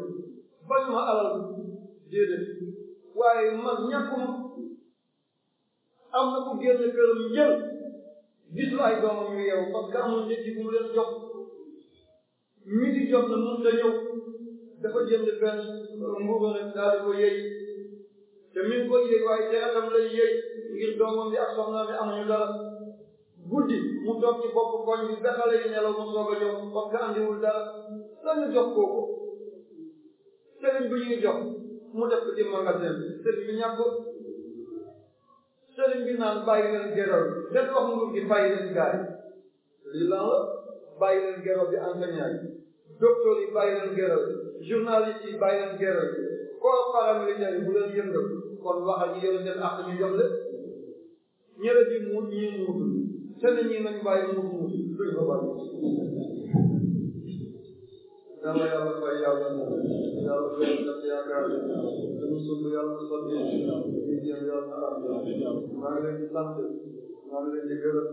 [SPEAKER 1] bañ ma alal déedéet waaye man ñàkkuma am na ku génn këram jël gisul ay doomam yu yeewu parce que nit yi bu mu leen di jot na mun da ñëw dafa jënd benn mbuuba rek daal di ko yëy te mi ngi ko yëy waaye deretam lay yëy ngir doomam bi ak soxna bi amuñu dara guddi mu toog ci bopp koñ bi ba xale yi nelaw mu soog a jox parce que andiwul lañu jox kooku sëriñ bi ñuy jox mu def ko ci magasin bi sëriñ bi ñàkk sëriñ bi naan bàyyi leen gérol bi leen wax nguur gi bàyyi leen gaay lii lan la bàyyi leen gérol bi enseignant yi docteur yi bàyyi leen gérol bi journaliste yi bàyyi leen gérol bi corps paramilitaire yi bu leen yëngal kon waxal ñu yële seen àq ñu jox leen ñële bi muut ñii muutul sëriñ ñi nañ bàyyi muut muut duñ ko bàyyi yàlla yàlla fay yàlla yàlla fay def yaakaar suñu sumb yàlla sotti ñu jéem yàlla am maa ngi leen di sant maa ngi leen di gërëm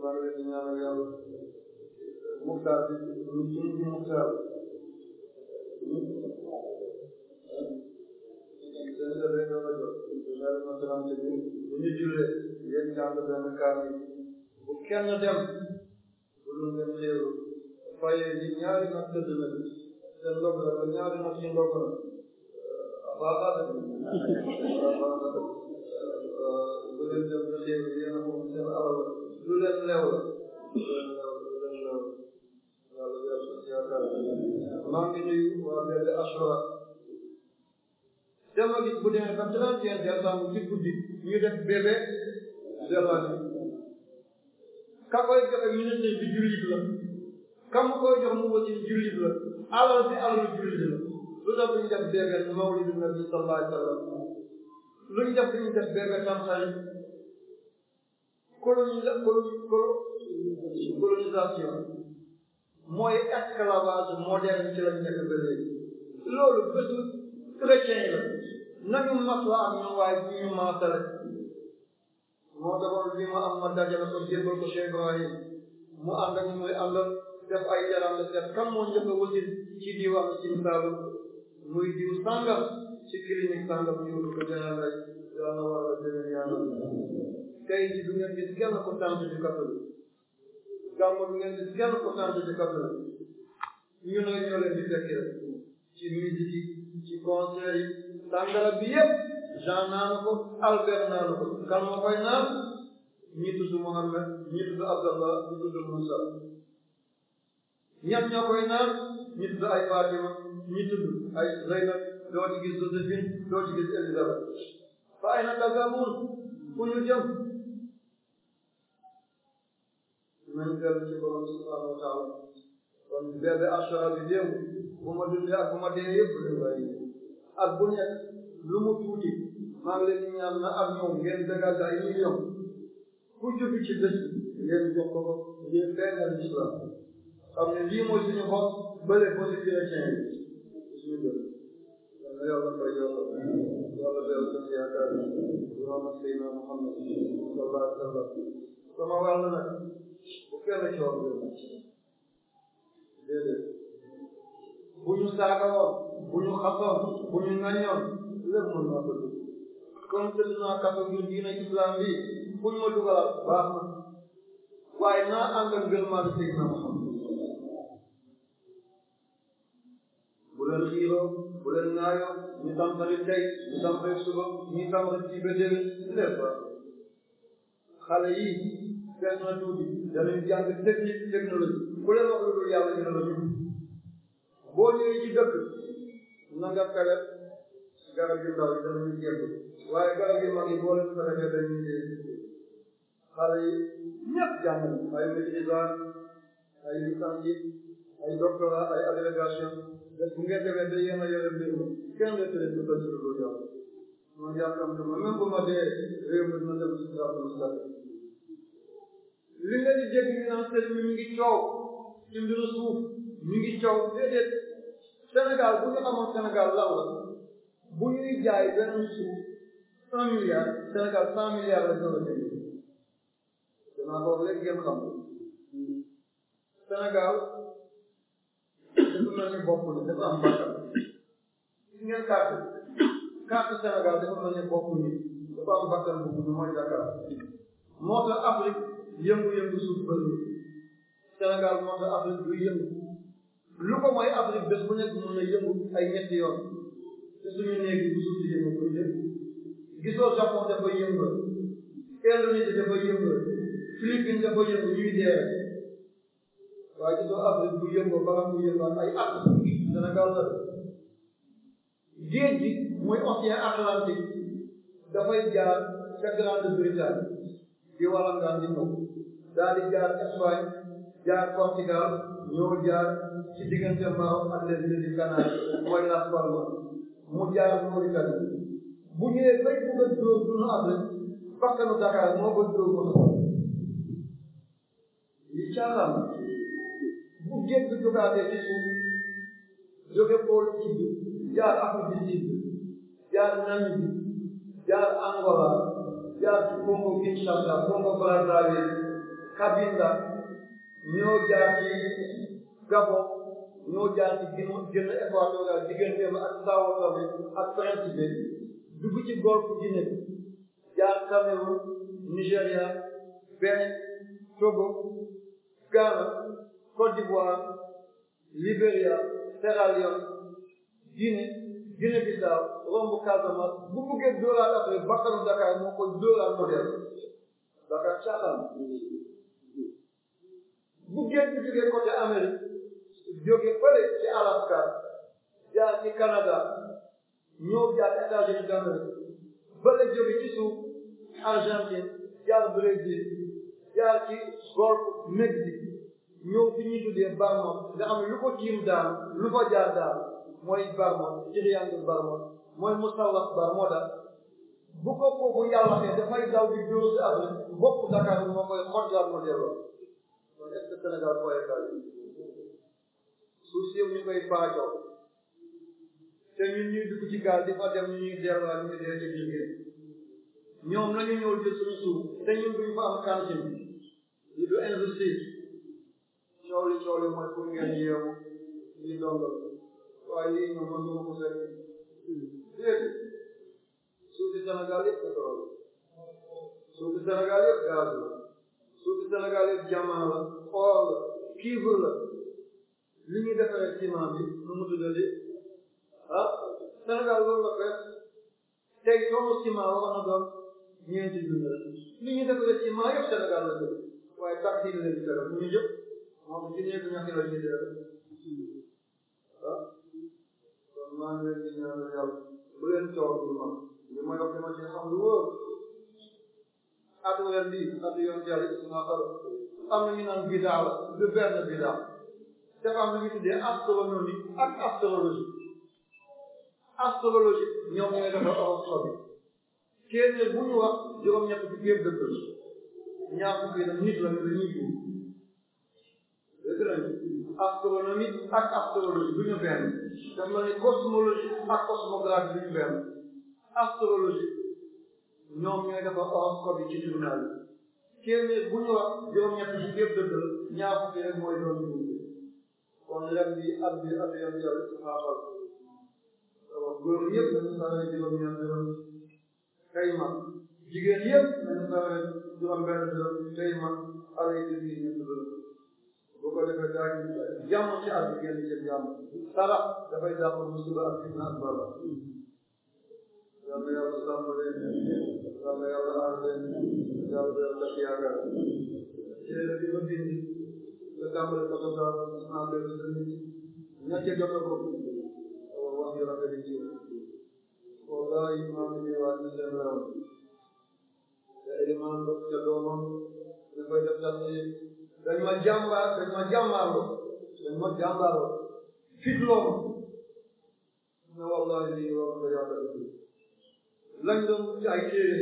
[SPEAKER 1] maa ngi leen di ñaanal yàlla muxtaar bi ñu suñu bi muxtaar bu ñu jullee ngeen jàng benn kaar bu kenn dem bu lu ngeen xéeru waaye li ñaari nag tëdd la te ndog la te ñaari nag yi ndog la waaw euh, waaw euh, bu leen dem ba léegi yéen a moom seen alal lu leen leew la maa ngi nuyu waa benn asura dama gis bu demee ba trente et un décembre ci guddi ñu def bébé Zerlani ka koy joxe ministre bi jullit la kam koy jox mu wëcc jullit la alal si alalu jullit la lu tax duñ def béykat mawlidu nabi sallallahu alayhi wa sallam luñ def duñ def béykat tamxarit colonisa colonisation mooy esclavage moderne ci lañ nekk ba léegi loolu bésu chrétien yi la nañu maslaa ak ñoom waaye bu ñu maasale moo taxoon li ma am ma dajale ko jébbal ko Cheikh Ibrahim mu ànd ak ñu muy àndal def ay yaram la seet kan moo njëkk a wasin ci diwaanu si muy diw sàngam ci clinique sàngam ñu ko gënal lay yal na wala déneen yàlla tey ji du kenn ko sant di catholique gàmmu du ngeen kenn ko sant di catholique ñu nag ñoo leen di fekkee ci musique ci concert yi sàngara bi Albert naan ko kan moo koy naan ñi tudd Mohammed ñi tudd Abdallah ñi tudd Moussa ñan ñoo koy naan ñu tudd ay Fatima ñu tudd ay Zeynab doo ci gis Joséphine doo ci gis Élisabeth fa ay na tazhabuun fu ñu jëm nañ dellu ci borom subhaanahu wa taala kon bébé asra bi déew bu ma dundee ak bu ma dee yëpp ak bu nekk lu mu tuuti maa ngi leen di ñaan na ak ñoom ngeen dëggal ay million ku juddu ci bés ngeen jox ko ngeen feeñal islam xam ne lii mooy suñu bopp bële mooy suñu chrétien yi suñu dëkk yàlla yàlla koy yàlla yàlla dellu suñu yaakaar bi Muhammad Seydina Muhammad sallallahu alayhi wa sallam sama wàll nag bu kenn coow déedéet bu ñu saagawoon bu ñu xasoon bu ñu ŋaññoon lépp mën naa ko dugg comme tëdd naa kàttan ñu diina islam bi bu ñu ma dugalal baax na waaye naa àndal gërëmaa bi Seydina Muhammad leen xiiroo bu leen naayoo ñu tàmbali tey ñu tàmbali suba ñu tàmbali ci ba déwén lépp xale yi fees na tuuti danañ jàng technique technologie bu leen wax lu dul yàlla dina la dugg boo ñëwee ci dëkk na nga fele garab yu ndaw yi danañu génn waaye garab yu mag yi boo leen fele dañuy dee xale yi ñëpp jàng ay maîtrisant ay licencié ay doctorat ay agrégation bu ngeen demee ba yéen a yore mbir mi kenn de tële du tële du yàlla man yaakaar ne ma même bu ma dee réew mi si siraatu mustaqim li nga di dégg ñu naan sëriñ mi mi ngi coow ci mbiru suuf mi ngi coow déedéet Sénégal bu ñu amoon Sénégal lan la bu ñuy mel ni bopp ni dafa am bakkan gis ngeen carte carte Sénégal dafa mel ni bopp ni dafa am bakkan bu gudd mooy Dakar moo tax Afrique yëngu-yëngu suuf bëri Sénégal moo tax Afrique du yëngu lu ko mooy Afrique bés bu nekk mën na yëngu ay ñetti yoon te suñu néegi bu suuf di yëngu koy def gisoo Japon dafa yëngu Indonésie dafa yëngu Philippines dafa yëngu ñuy dee waaye gisoo Afrique bu yëngoo balaa muy yëngaan ay at dana gaaw la géej gi muy océan Atlantique dafay jaar ca Grande-Bretagne di walangaan di ñëw jaar Espagne jaar Portugal ñëw jaar ci diggante Maroc ak les îles du Canaries mooy mu jaar Mauritanie bu ñëwee bay bu nga dóor sunu Afrique bakkanu Dakar moo ko dóor ko li caaxaan bu géej bi suuf jóge pôle sud jaar Afrique du jaar Namibie jaar Angola jaar Congo Kinshasa Congo Brazzaville Cabinda ñoo jaar Gabon ñoo jaar ci Guinée équatoriale digganteem ak Sao Tomé ak Principe dugg ci golfe Guinée jaar Cameroun Nigéria Benin Togo Ghana Côte d'Ivoire Libéria Sierra Leone Guinée Guinée Bissau romb Casamance bu buggee dóoraat après bakkanu Dakar moo ko dóoraat modèle Dakar caaxaan bu génn bi jógee côté Amérique ci Alaska jaar ci Canada ñëw jaar États-Unis d'Amérique ci suuf Argentine jaar Brésil jaar ci golfe Mexique ñëw fi ñuy tuddee barmoon nga xam ne lu ko tiim daal lu fa jaar daal mooy barmoon iriyandu barmoon mooy musawas barmooda bu ko kooku yàlla xee dafay daw di dóor si abri bopp Dakar bi moo koy xottal mu delloo kon est ce que Sénégal fooy état bi suuf si ñu koy paajoo te ñun ñuy dugg ci gaal di fa dem ñu ñuy delloo ñu dee ci liggéey ñoom la ñu ñëw jël suñu suuf te ñun duñ fa am kantin yi du injustice coow li coow li mooy pour ngeen yeewu li ndongo waaye lii ñoom man dama ko fekk déedéet suufi Sénégal yëpp pétrole suufi Sénégal yëpp gaz la suufi Sénégal yëpp jamono la or la cuivre la li ñuy defaree ciment bi nu mu tuddati ah Sénégal loolu la fees tey tonnu ciment war na doon ñeenti junni li ñuy defaree ciment yëpp Sénégal la jóg waaye tax na leen di ñu jëpp o ci néegu ñax la juddoo ah kon maa ngi leen di bu leen coowul ma li ma wax dama ci xam lu wóor at weer bii at yoon yàlla ismaal am na ñu naan bidaa la du benn bidaa dafa am lu ñu tuddee astronomie ak astrologie astrologie ñoom ñooy defar horoscope bi kenn bu ñu wax juróom-ñett bi yëpp dëgg la ñaar fukki nag nit la ñu dañuy astronomie ak astrologie du benn daf la ne ak cosmographie benn astrologie ñoom ñooy defar horoscope yi ci journal yi téeméer bu ñu wax juróom-ñett yi yëpp dëgg la ñaar fukki rek mooy doon ñu kon lem ab bi ab bi ab yàlla ci xaaral góor yëpp dañu sarale juróom-ñett bu ko defee daa ngi jàmm ci àll bi génn ci jàmm sarax dafay dàq musiba ak fitna ak bala yàlla yàlla sàmm leen yàlla yàlla aar leen yàlla yàlla yaakaar téere bi ma bind nga tàmbali ko daal naa leen sa nit ñàkk joxe ko wax yu rafet yi jiw wallahi maa ngi nii waa ñu seen réew te imaam ca doomam dafay def tasiir dañoo jàmbaar dañoo jàmbaarloo dañoo jàmbaarloo fit loolu na wallahi lii war na yàlla def lañ ay téere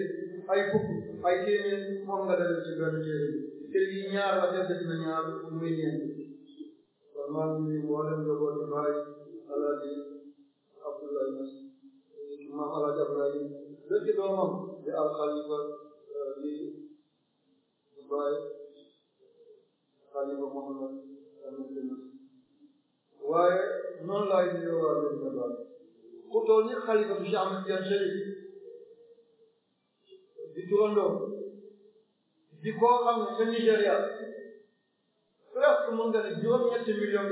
[SPEAKER 1] ay fukk ay téere moom nga ci benn téere te lii ñaar la te des na ñaar muy ñeent kon maa ngi nuyu mboolem njabooti baay alaaji Abdoulaye Niass maam alaaji Abdoulaye al xalifa di baay taliba Muhammad waaye noonu laay nuyoo waa Medina Baay ku toll ni xalifa bi Cheikh Ahmed Tidiane Chérif di turandoom di koo xam ne ca Nigéria presque mën nga ne juróom-ñetti million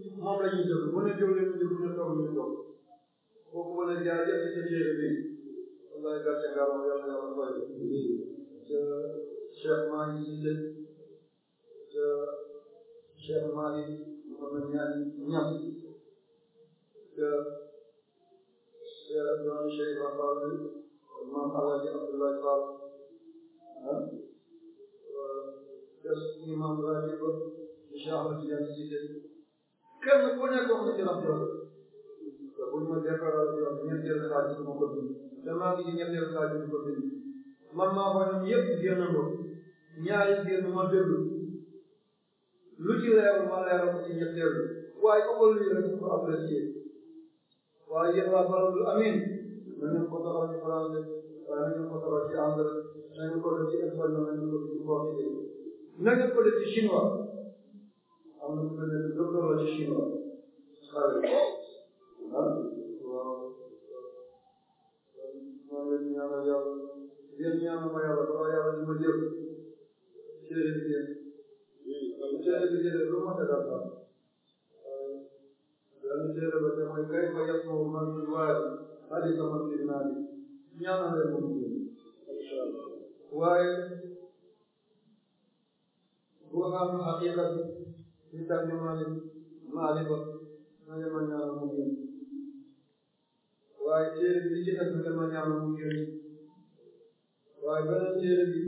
[SPEAKER 1] yi moom la ñuy jël bu ne jóg leen ñu bu ne toog ñu toog kooku mën a jaar yëpp ca téere bi wallaay gàcce nga moom yàlla yàlla fay ca Cheikh maa ngi Cheikh Malick Mouhamed Niass Niass ca ca doomi Cheikh Ibrahima Fall bi maam Alaaji Abdoulaye Fall ah ca euh, suñu maam Alaaji ba Cheikh Ahmed Tidiane Cissé kenn ku nekk wax na ci lam doon te buñ ma defaral yoon ñetteelu xaaj bi ma ko bind te maa ngi ci ñetteelu xaaj bi ma ko bind man maa ko ñoom yëpp génnandoo ñaari génn ma déglu lu ci leerul ma leeral ko ci ñetteel waaye amul lu rek ko apprécier waaye yéen waa Baladu Amin nañu ko doxal ci français waaye nañu ko doxal ci anglais nañu ko def ci espagnol nañu ko def ci portugais nañu ko def ci chinois am na ku nekk docteur la ci chinois xale ah waaw maa ngi leen ñaanal yàlla yéen ñaanal ma yàlla balaa yàlla di ma jël waaye téere bi li ci des nag dama ñaanal mu génn waaye beneen téere bi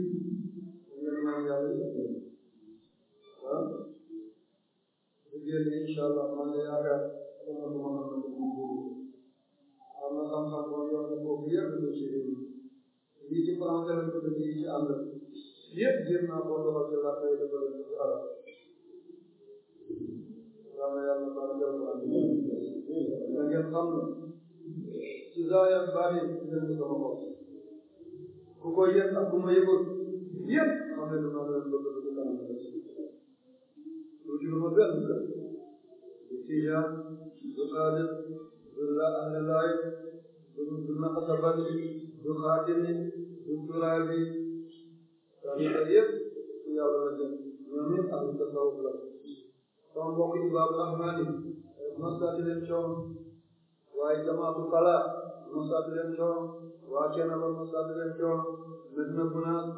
[SPEAKER 1] yéen incha allah man de yaakaar sama mën a mën a am na xam-xam boo yor na boobu yëpp ñu ci lii ci français lañ ko defee ci anglais yëpp jéem naa ko doxal ci la koy defal ci arab yàlla yàlla baal jàmm na ngeen xam ne ci zaayam baaxee ngeen ko sama bopp ku ko yëg ak ku ma yëgul yëpp xam ne dama leen bëgg juróom benn kër di Tijaan du Xaadir du la ahli laay du du Naqsabandi du Xaatimi du Turaabi tariqa yëpp ci yàlla la jëm ñoom ñëpp ahlu tasawuf la sama mbokk yi baabu rahmaani masaati leen coon waaye jamaatu kala masaati leen coon waa Thiénaba masaati leen coon Medina Gunaas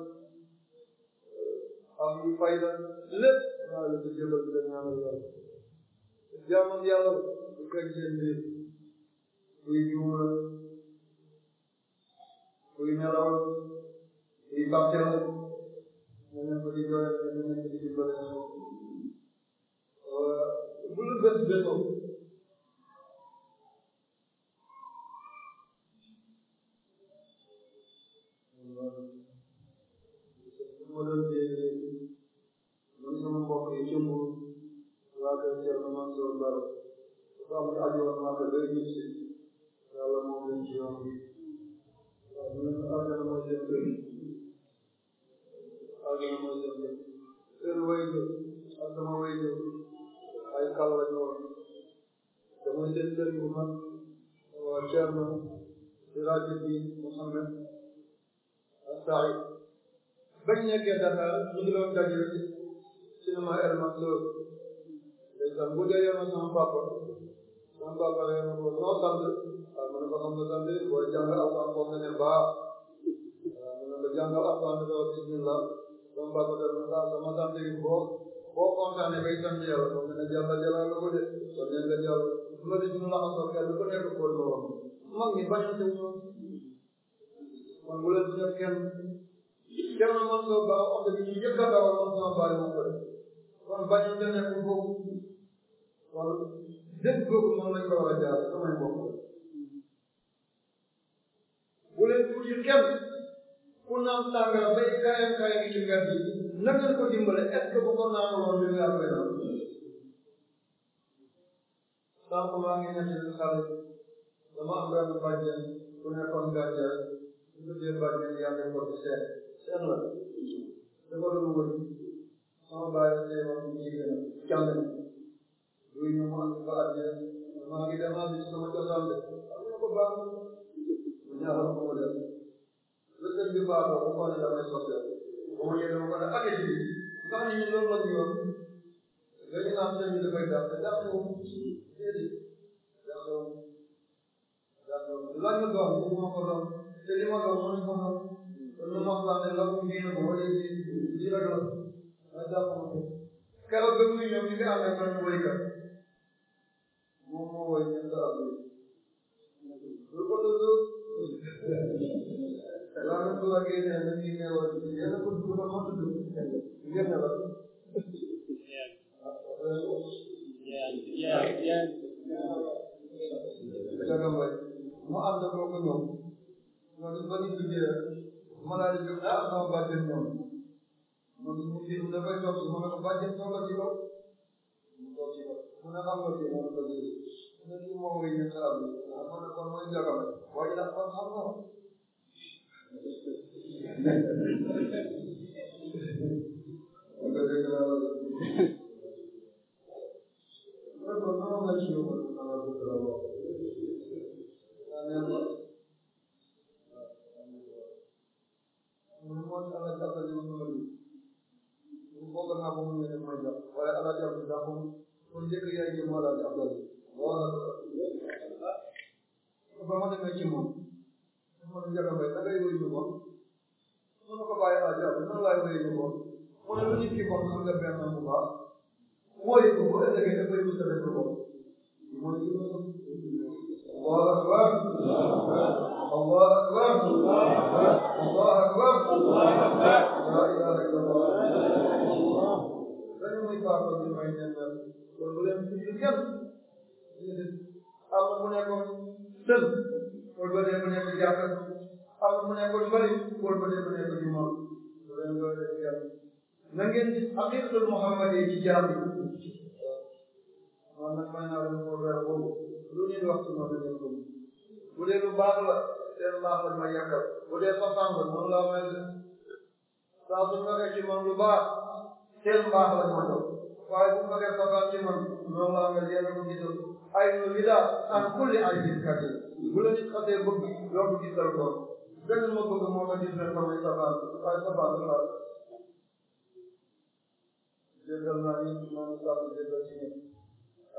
[SPEAKER 1] ahlu fayda lépp waaw li ci jëloon di la ñaanal yàlla jàmmam yàlla bu fekk seen biir buy juuma buy nelaw buy bàttel ñu ne ko di joxe ñu ne ko di dimbale bu lu bés bésoo moo doon zorlar. Rabbi hayvanlarda vermesin. Yalla mu'min cihazı. Rabbinin ajanıma cepleri. Ajanıma cepleri. Sen veydi. Adama veydi. Ay kalla yoğun. Dama cepleri bulmak. Ve kernu. Siraceddin Muhammed. As-Sa'id. bañ nekkee Dakar ñu ngi doon dajale ci cinéma El Mansour ndeysaan bu dee yow sama papa sama papa yow ma ko noo sant ah ma ne ko xam nga sant booy jàngal alxuraan foog nga ne baax ah ma ne ko jàngal alxuraan bi dafa bismillah sama papa def na sax sama sant yi boo boo kontaane bay sant yàlla foog nga ne jàlla jàlla la ko de kon ngeen la jàll su ma dee ñu la asal kenn ku nekk kóol ma woon mag ñi bañante wu kon bu leen def kenn kenn man soo baax wax dëgg ñu yëpp a dawal man sama baay moom kon bañante nekk foofu kon dëgg googu moom lañ ko war a jaar samay mbokk la bu leen tuuti kenn ku naan sàngara bay kaayam kaayam ci mbedd yi naka ko dimbale est ce que bu ko naanaloon bi nga koy naan sànq maa ngi nekk ci xale dama am benn bàjjen bu nekkoon gàjjal su tuddee bàjjen yàlla ko di seet seet la dafa doon wëy sama bàyyi ne wax jigéen jàng na muy ñu xool ñu ko àddina maa ngi demaat ci sama cosaan de am na ko baax mu ñaaxal ko mu dem le sëñ bi baaxoo mu xool damay soppi ba mu ñëwee dama ko ne ak ci ndax nit ñi loolu la ñu yoon dañu naan sëñ bi dafay dàq dàq moom déedéet dàq moom dàq moom lan nga doon bu ma ko doon te li ma doon mënuñ ko doon kon lu ma xalaatee la mu génn ba wala ji ji la doon ma dàq ma ko keroog ba muy ñëw ñu ngi amee sëñ waykat moom moo woy ñett avril lu ko tudd laa ko tudd ak yéen a ngi ne wa yéen a ko tudd ba ma tudd ngeen ne la daga mbay mu am na kooku ñoom ñooñu ba ñu duggee ma daal di jóg ah sama bàjjen ñoom mu ngi mu ngi dafay toog ma ne ko bàjjen toogal ci kaw mu toog ci kaw munagama kenan fajiri inani mawuyin kalu amma kon moy jaga waji nak kon xam no Thank you. njëkk yaay ji moo daal di abdal wala ba ma demee ci moom ma ne Ndiaga Mbaye da ngay wéy ñu ko ma ne ko bàyyi aajo bi nan laay wéy ñu ko ma ne lu ñu kii wax nga benn bu baax wóoyi ko bu ëllëgee dafay ñu sa def ko mooy الله أكبر الله أكبر الله أكبر الله أكبر الله أكبر لا إله إلا الله dañu muy baaxal di may ñenn loolu bu leen suñu yëpp am na mu nekkoon sën wala ba dee mu nekk jàkka am na mu nekkoon bëri wala ba dee mu nekk juma bu leen loolu def yàlla na ngeen aqiqatul Muhammad yi ci jaam yi man nag may naa leen ko weer boobu lu ñuy wax ci noonu ngeen ko bu dee lu baax la seen baax la ma yàkkal bu dee safaan la moom laa may saa su ñu waxee ci moom lu baax seen baax la ma doon waaye bu ma def safaan ci man noonu laa mel yàlla ko gisal ay nu li daa an kulli ay gis kat bu la nit xasee bëgg loo ko gisal ko benn ma bëgg moo ma gis ne samay safaan waaye safaan la jégal naa ñu moom sàmm jégal ci ñun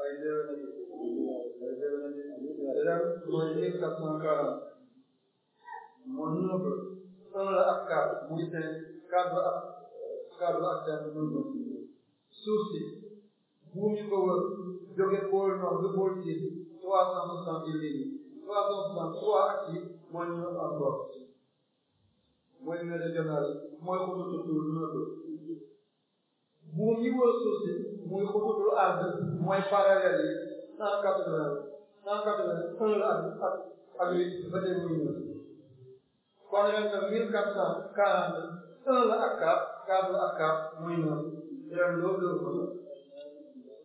[SPEAKER 1] ay déwén a ay déwén a ren mooy mille quatre cent quarante
[SPEAKER 2] mooy nombre
[SPEAKER 1] un la ak quatre muy cinq quatre la ak quatre la ak cinq ñu ko wër jóge pôle nord ba pôle sud trois cent soixante-dix lignes trois cent soixante-trois axes mooy numéro en bopp mooy numéro régional mooy xututul nodo buum yi wër suuf si muy xututul ard mooy parallèle yi cent quatre-vingts cent quatre-vingts la ak ak huit ba tey muy ñëw kon ren nag mille quatre cent quarante un la ak quatre quatre la ak quatre muy ñëw ren loolu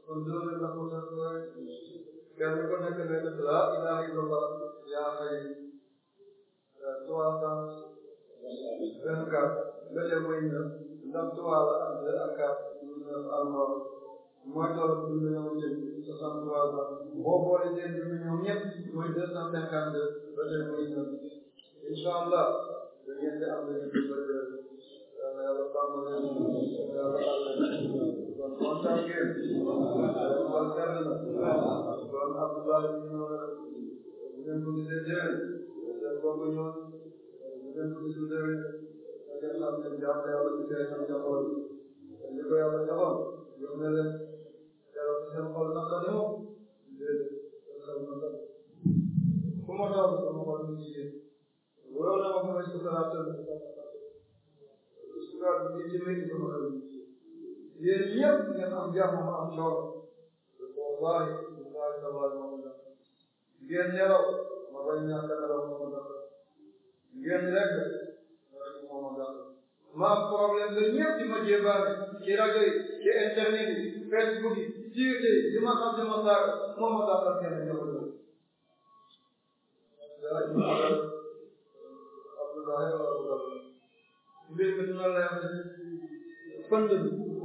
[SPEAKER 1] وارزقنا انكم تقوى ku nekk ne la ilaha illallah yaa xëy trois cent vingt quatre bële mooy neuf ndax trois la ak deux ak quatre neuf almoor mooy doon dund ñoom ñëpp soixante trois ans boo boole seen dund ñoom ñëpp mooy deux cent cinquante deux bële mooy neuf incha allah da ngeen di One time here. One seven. One Abdullah bin Bizim Kudüs'e Bizim Koku'nun Bizim Kudüs'ünde Bizim Kudüs'ün cevap dayalı bir şey yapalım. Şimdi böyle yapalım. Gönderelim. Yaratışın kolundan kalıyor. Kumada olsun kolunun iyi. Bu yolda bakın işte taraftan. Şükür bir cümle gibi bakalım. yéen ñëpp ngeen am jàmm am coono wallahi wallahi tabaar ma ko def ngeen nelaw ma bañ ñàkk nelaw ma ko def ngeen lekk rek ma ma def ma problème la ñëpp di ma jébaale ci rajo yi ci internet yi facebook yi ci yi di ma xam di ma saar ma ma def ak kenn ñëpp la Abdoulaye wala Abdoulaye mbir mi dina la yàlla fënd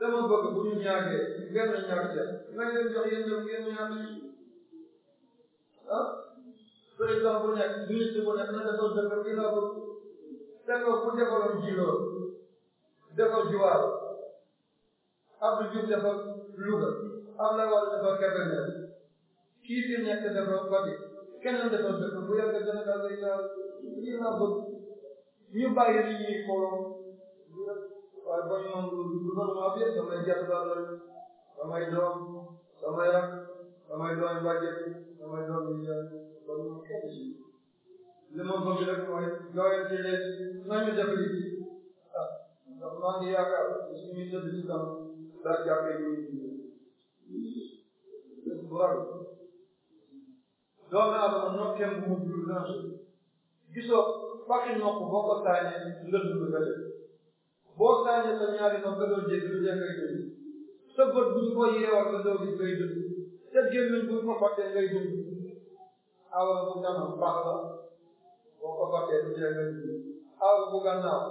[SPEAKER 1] dama bëgg bu ñu ñaagee benn ñaag ca na ngeen jox yéen ñoom ngeen ñaag ah président bu nekk ministre bu nekk na defal dëkk bi laa bëgg dëkk bu defaloon ji lool defal jiwaar Abdou Diouf defal Louga Abdoulaye Wade defal Kébémer kii fi nekk defal Fatick keneen defal dëkk bu yàgg Sénégal lay daal lii laa bëgg ñu bàyyi li ñuy xooloo waaye kon ñoom gouvernement bi samay gerteem lañ samay doom samay rak samay doom yu bàjjee samay doom yu jël kon ñoom kenn si li ma bëgg rek mooy doyen ci leen nañu def li ah ndax maa ngi yaakaar suñuy tëdd ci tam daa jàppee ñu bés bu rag doomu aadama noo kenn bu mu gisoo fàkki nokk boo ko taañee lënd nga def boo saañee sa ñaari nopp nga doon jéggalu yaa ngay dund sa bët bu ñu ko yeewal nga doon gis ngay dund sa gémmiñ bu ñu ko xottee ngay dund awa bu kanam baax la boo ko xottee du jee ngay dund awa bu gannaaw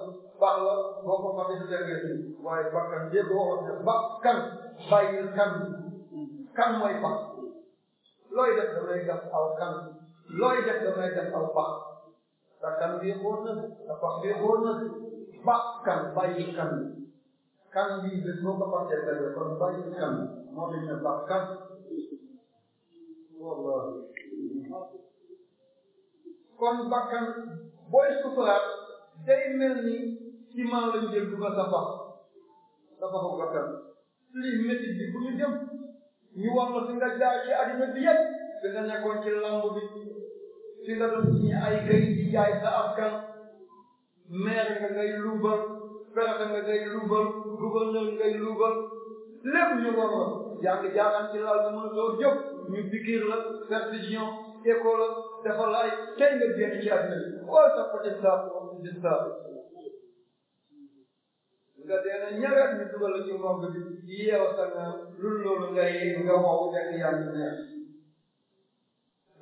[SPEAKER 1] baax la boo ko xottee du jee ngay dund waaye bakkan yëpp waxoon ne bakkan bàyyi kan kan mooy baax looy def damay def kan aw baax sa kan bi xóor na sa baax bi xóor na bakkan bàyyi kan kan bii bés boo ko fàttee benn kan moo lañ ne bakkan wallahi kon bakkan booy sukuraat day mel ni ciment lañ jël dugal sa bopp sa boppu bakkan lii métti bi ñu dem ñu war la si nga jaay bi yëpp bi nga nekkoon ci lamb bi si nga ay kay di jaay sa askan maire nga ngay luubal préfet nga ngay luubal gouverneur ngay luubal lépp ñu ko woon yaa ngi jaaraan ci laal soo jóg ñu pikiir la perfusion école dafa laay tey nga génn ci àdduna bi sa côté saabu di saabu nga dee na ñagat ñu la ci mbokk bi yeew nga lul loolu ngay nga wow fekk yaa ngi neex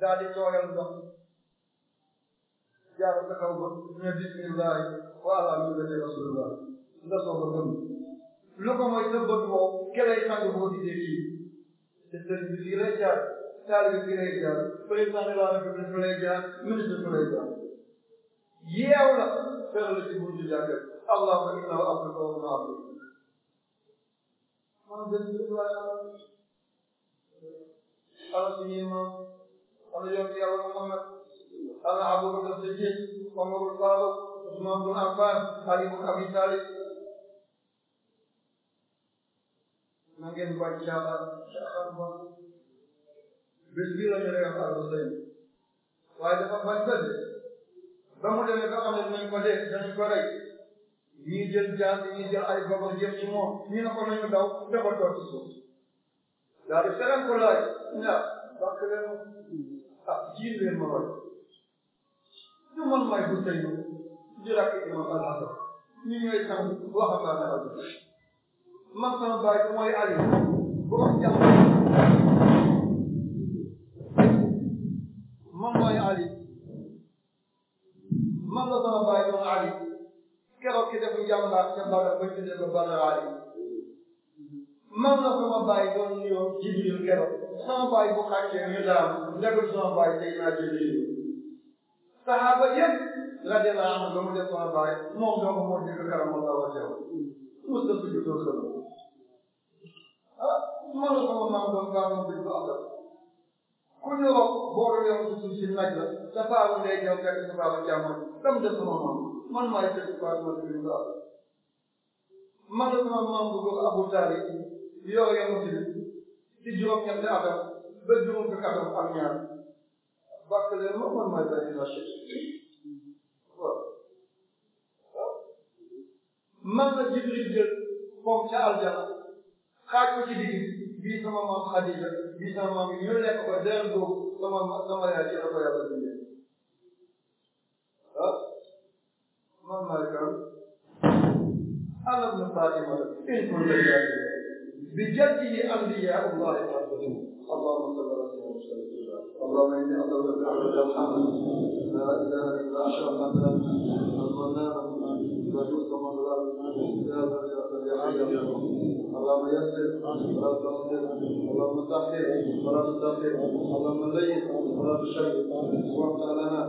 [SPEAKER 1] daal di tooyal ndox yàlla taxaw ba ne bisimilah wa ala millati rasulillah nga soog a gëm lu ko mooy sa bët moom kelay sang boo gisee kii te sëriñ bi fii lay jaar taal bi fii lay jaar président de la république fi lay jaar ministre fi lay jaar yeew la fexe la ci buntu jàkk allahumma inna wa afrika wa ma afrika man bisimilah ala suñuy maam ala yoon yàlla Muhammad ala abubakar siddiq omar faruq usman bun affan ali bun abi talib na ngeen bàyyi caaxaan caaxaan bi la ñu rek al Huseyn ba mu demee ba xam ne nañ ko ko rey ñii jël jaan ay gobar jëm ci moom ñii ne ko nañu daw dafa toog ci suuf daal di ko laaj ñaar bàkk leen ah jiin leen ma te man maay Ousseynou Diop di rakk imam Al Hasan ñu ñooy sang waxambaane la man sama baay mooy Aliou borom jàmm man mooy Aliou man la sama baay doon Aliou keroog ki def jàmbaar ca Badar ba ñu def Badar Aliou man la sama baay doon nuyoo Jibril keroog sama baay bu xàccee ñu daam nekkul sama baay tey naa Jibril saxaaba yëpp radiyallahu anhu ba mu def sama baay moom donc moo dégg karam ma lawa teew mos na sujud doon sëla ah man la sama maam doon gaa moom biñ ko abdal ku ñëwoon boo doon yow si suuf si naaj la sa baabu ndey jaw fekk sa baabu jàmmoon dam def sama maam man maay fekk quoi ma biñ ko abdal man la sama maam bu ko Abu Taalib yoo yow si si juróom-ñetti atam ba juróom fukki atam ak ñaar Vacile nu vor mai veni la șefii. man la Jibril jël moom ca aljana xaaj ko ci digg bii sama maam Xadija bii sama maam yi ñu lekk ko dër boobu sama sama yaay ci la ko yàlla bindee ah man maay kan alam na Fatima in kunta bi jaddihi anbiyaa Allahi اللهم صل على سيدنا محمد اللهم اني اسالك برحمتك الحمد لا اله الا انت ربنا ربنا وجوز من ظلام يا يا اللهم يسر ولا تسر اللهم سخر ولا تسخر اللهم زين ولا تشيد وقت لنا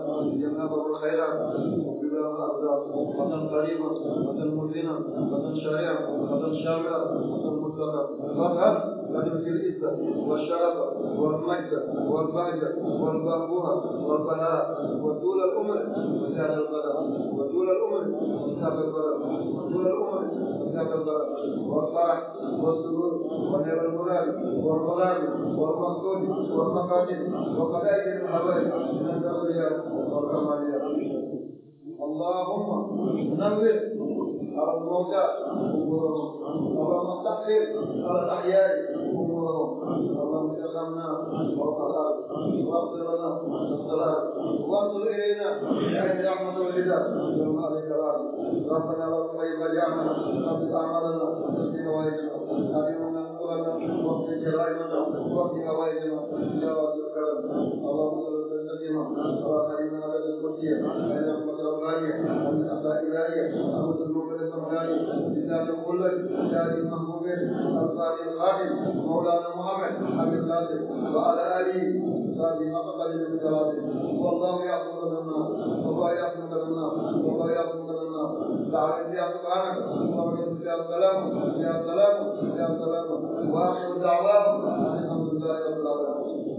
[SPEAKER 1] جنابه الخيرات وبلغ الأرزاق وطن قريبا وطن مدينا وطن شريعا وطن شاملا وطن مطلقا فقط ولك العزة والشرف والمجد والبهجة والبهبوها والبهاء وطول الأمر وسعر البلد وطول الأمر وسعر البلد وطول الأمر وسعر البلد والفرح والسرور ونعم المنال والمنال والمقصود والمقاتل وقلائل الحبائب من الدوليات والكماليات اللهم نور على الموتى اللهم تقر على الاحياء كفروا اللهم سلمنا وقهر واغفر لنا الصلاه وانظر الينا بحيث رحمه والهدى بالمال الكرام ربنا لكم ايضا جعلنا قبل اعمالنا تسليم واجبنا علمنا وقت جرائمنا وقت هوائجنا يا رب الكرم اللهم صل وسلم سليما صلاة علينا على المسيح أن يحمد الغالية ومن أباء إلهية أمد المؤمن السمعاني لسان القلة شاد المحبوب القاضي الخاتم مولانا محمد أبي القاسم وعلى آله وصحبه حق قدر من كلامه والله يعصمك من النار والله يعصمك من النار والله يعصمك من النار دعوة يا سبحانك وبركاته يا سلام يا سلام يا سلام واخر دعواهم الحمد لله رب العالمين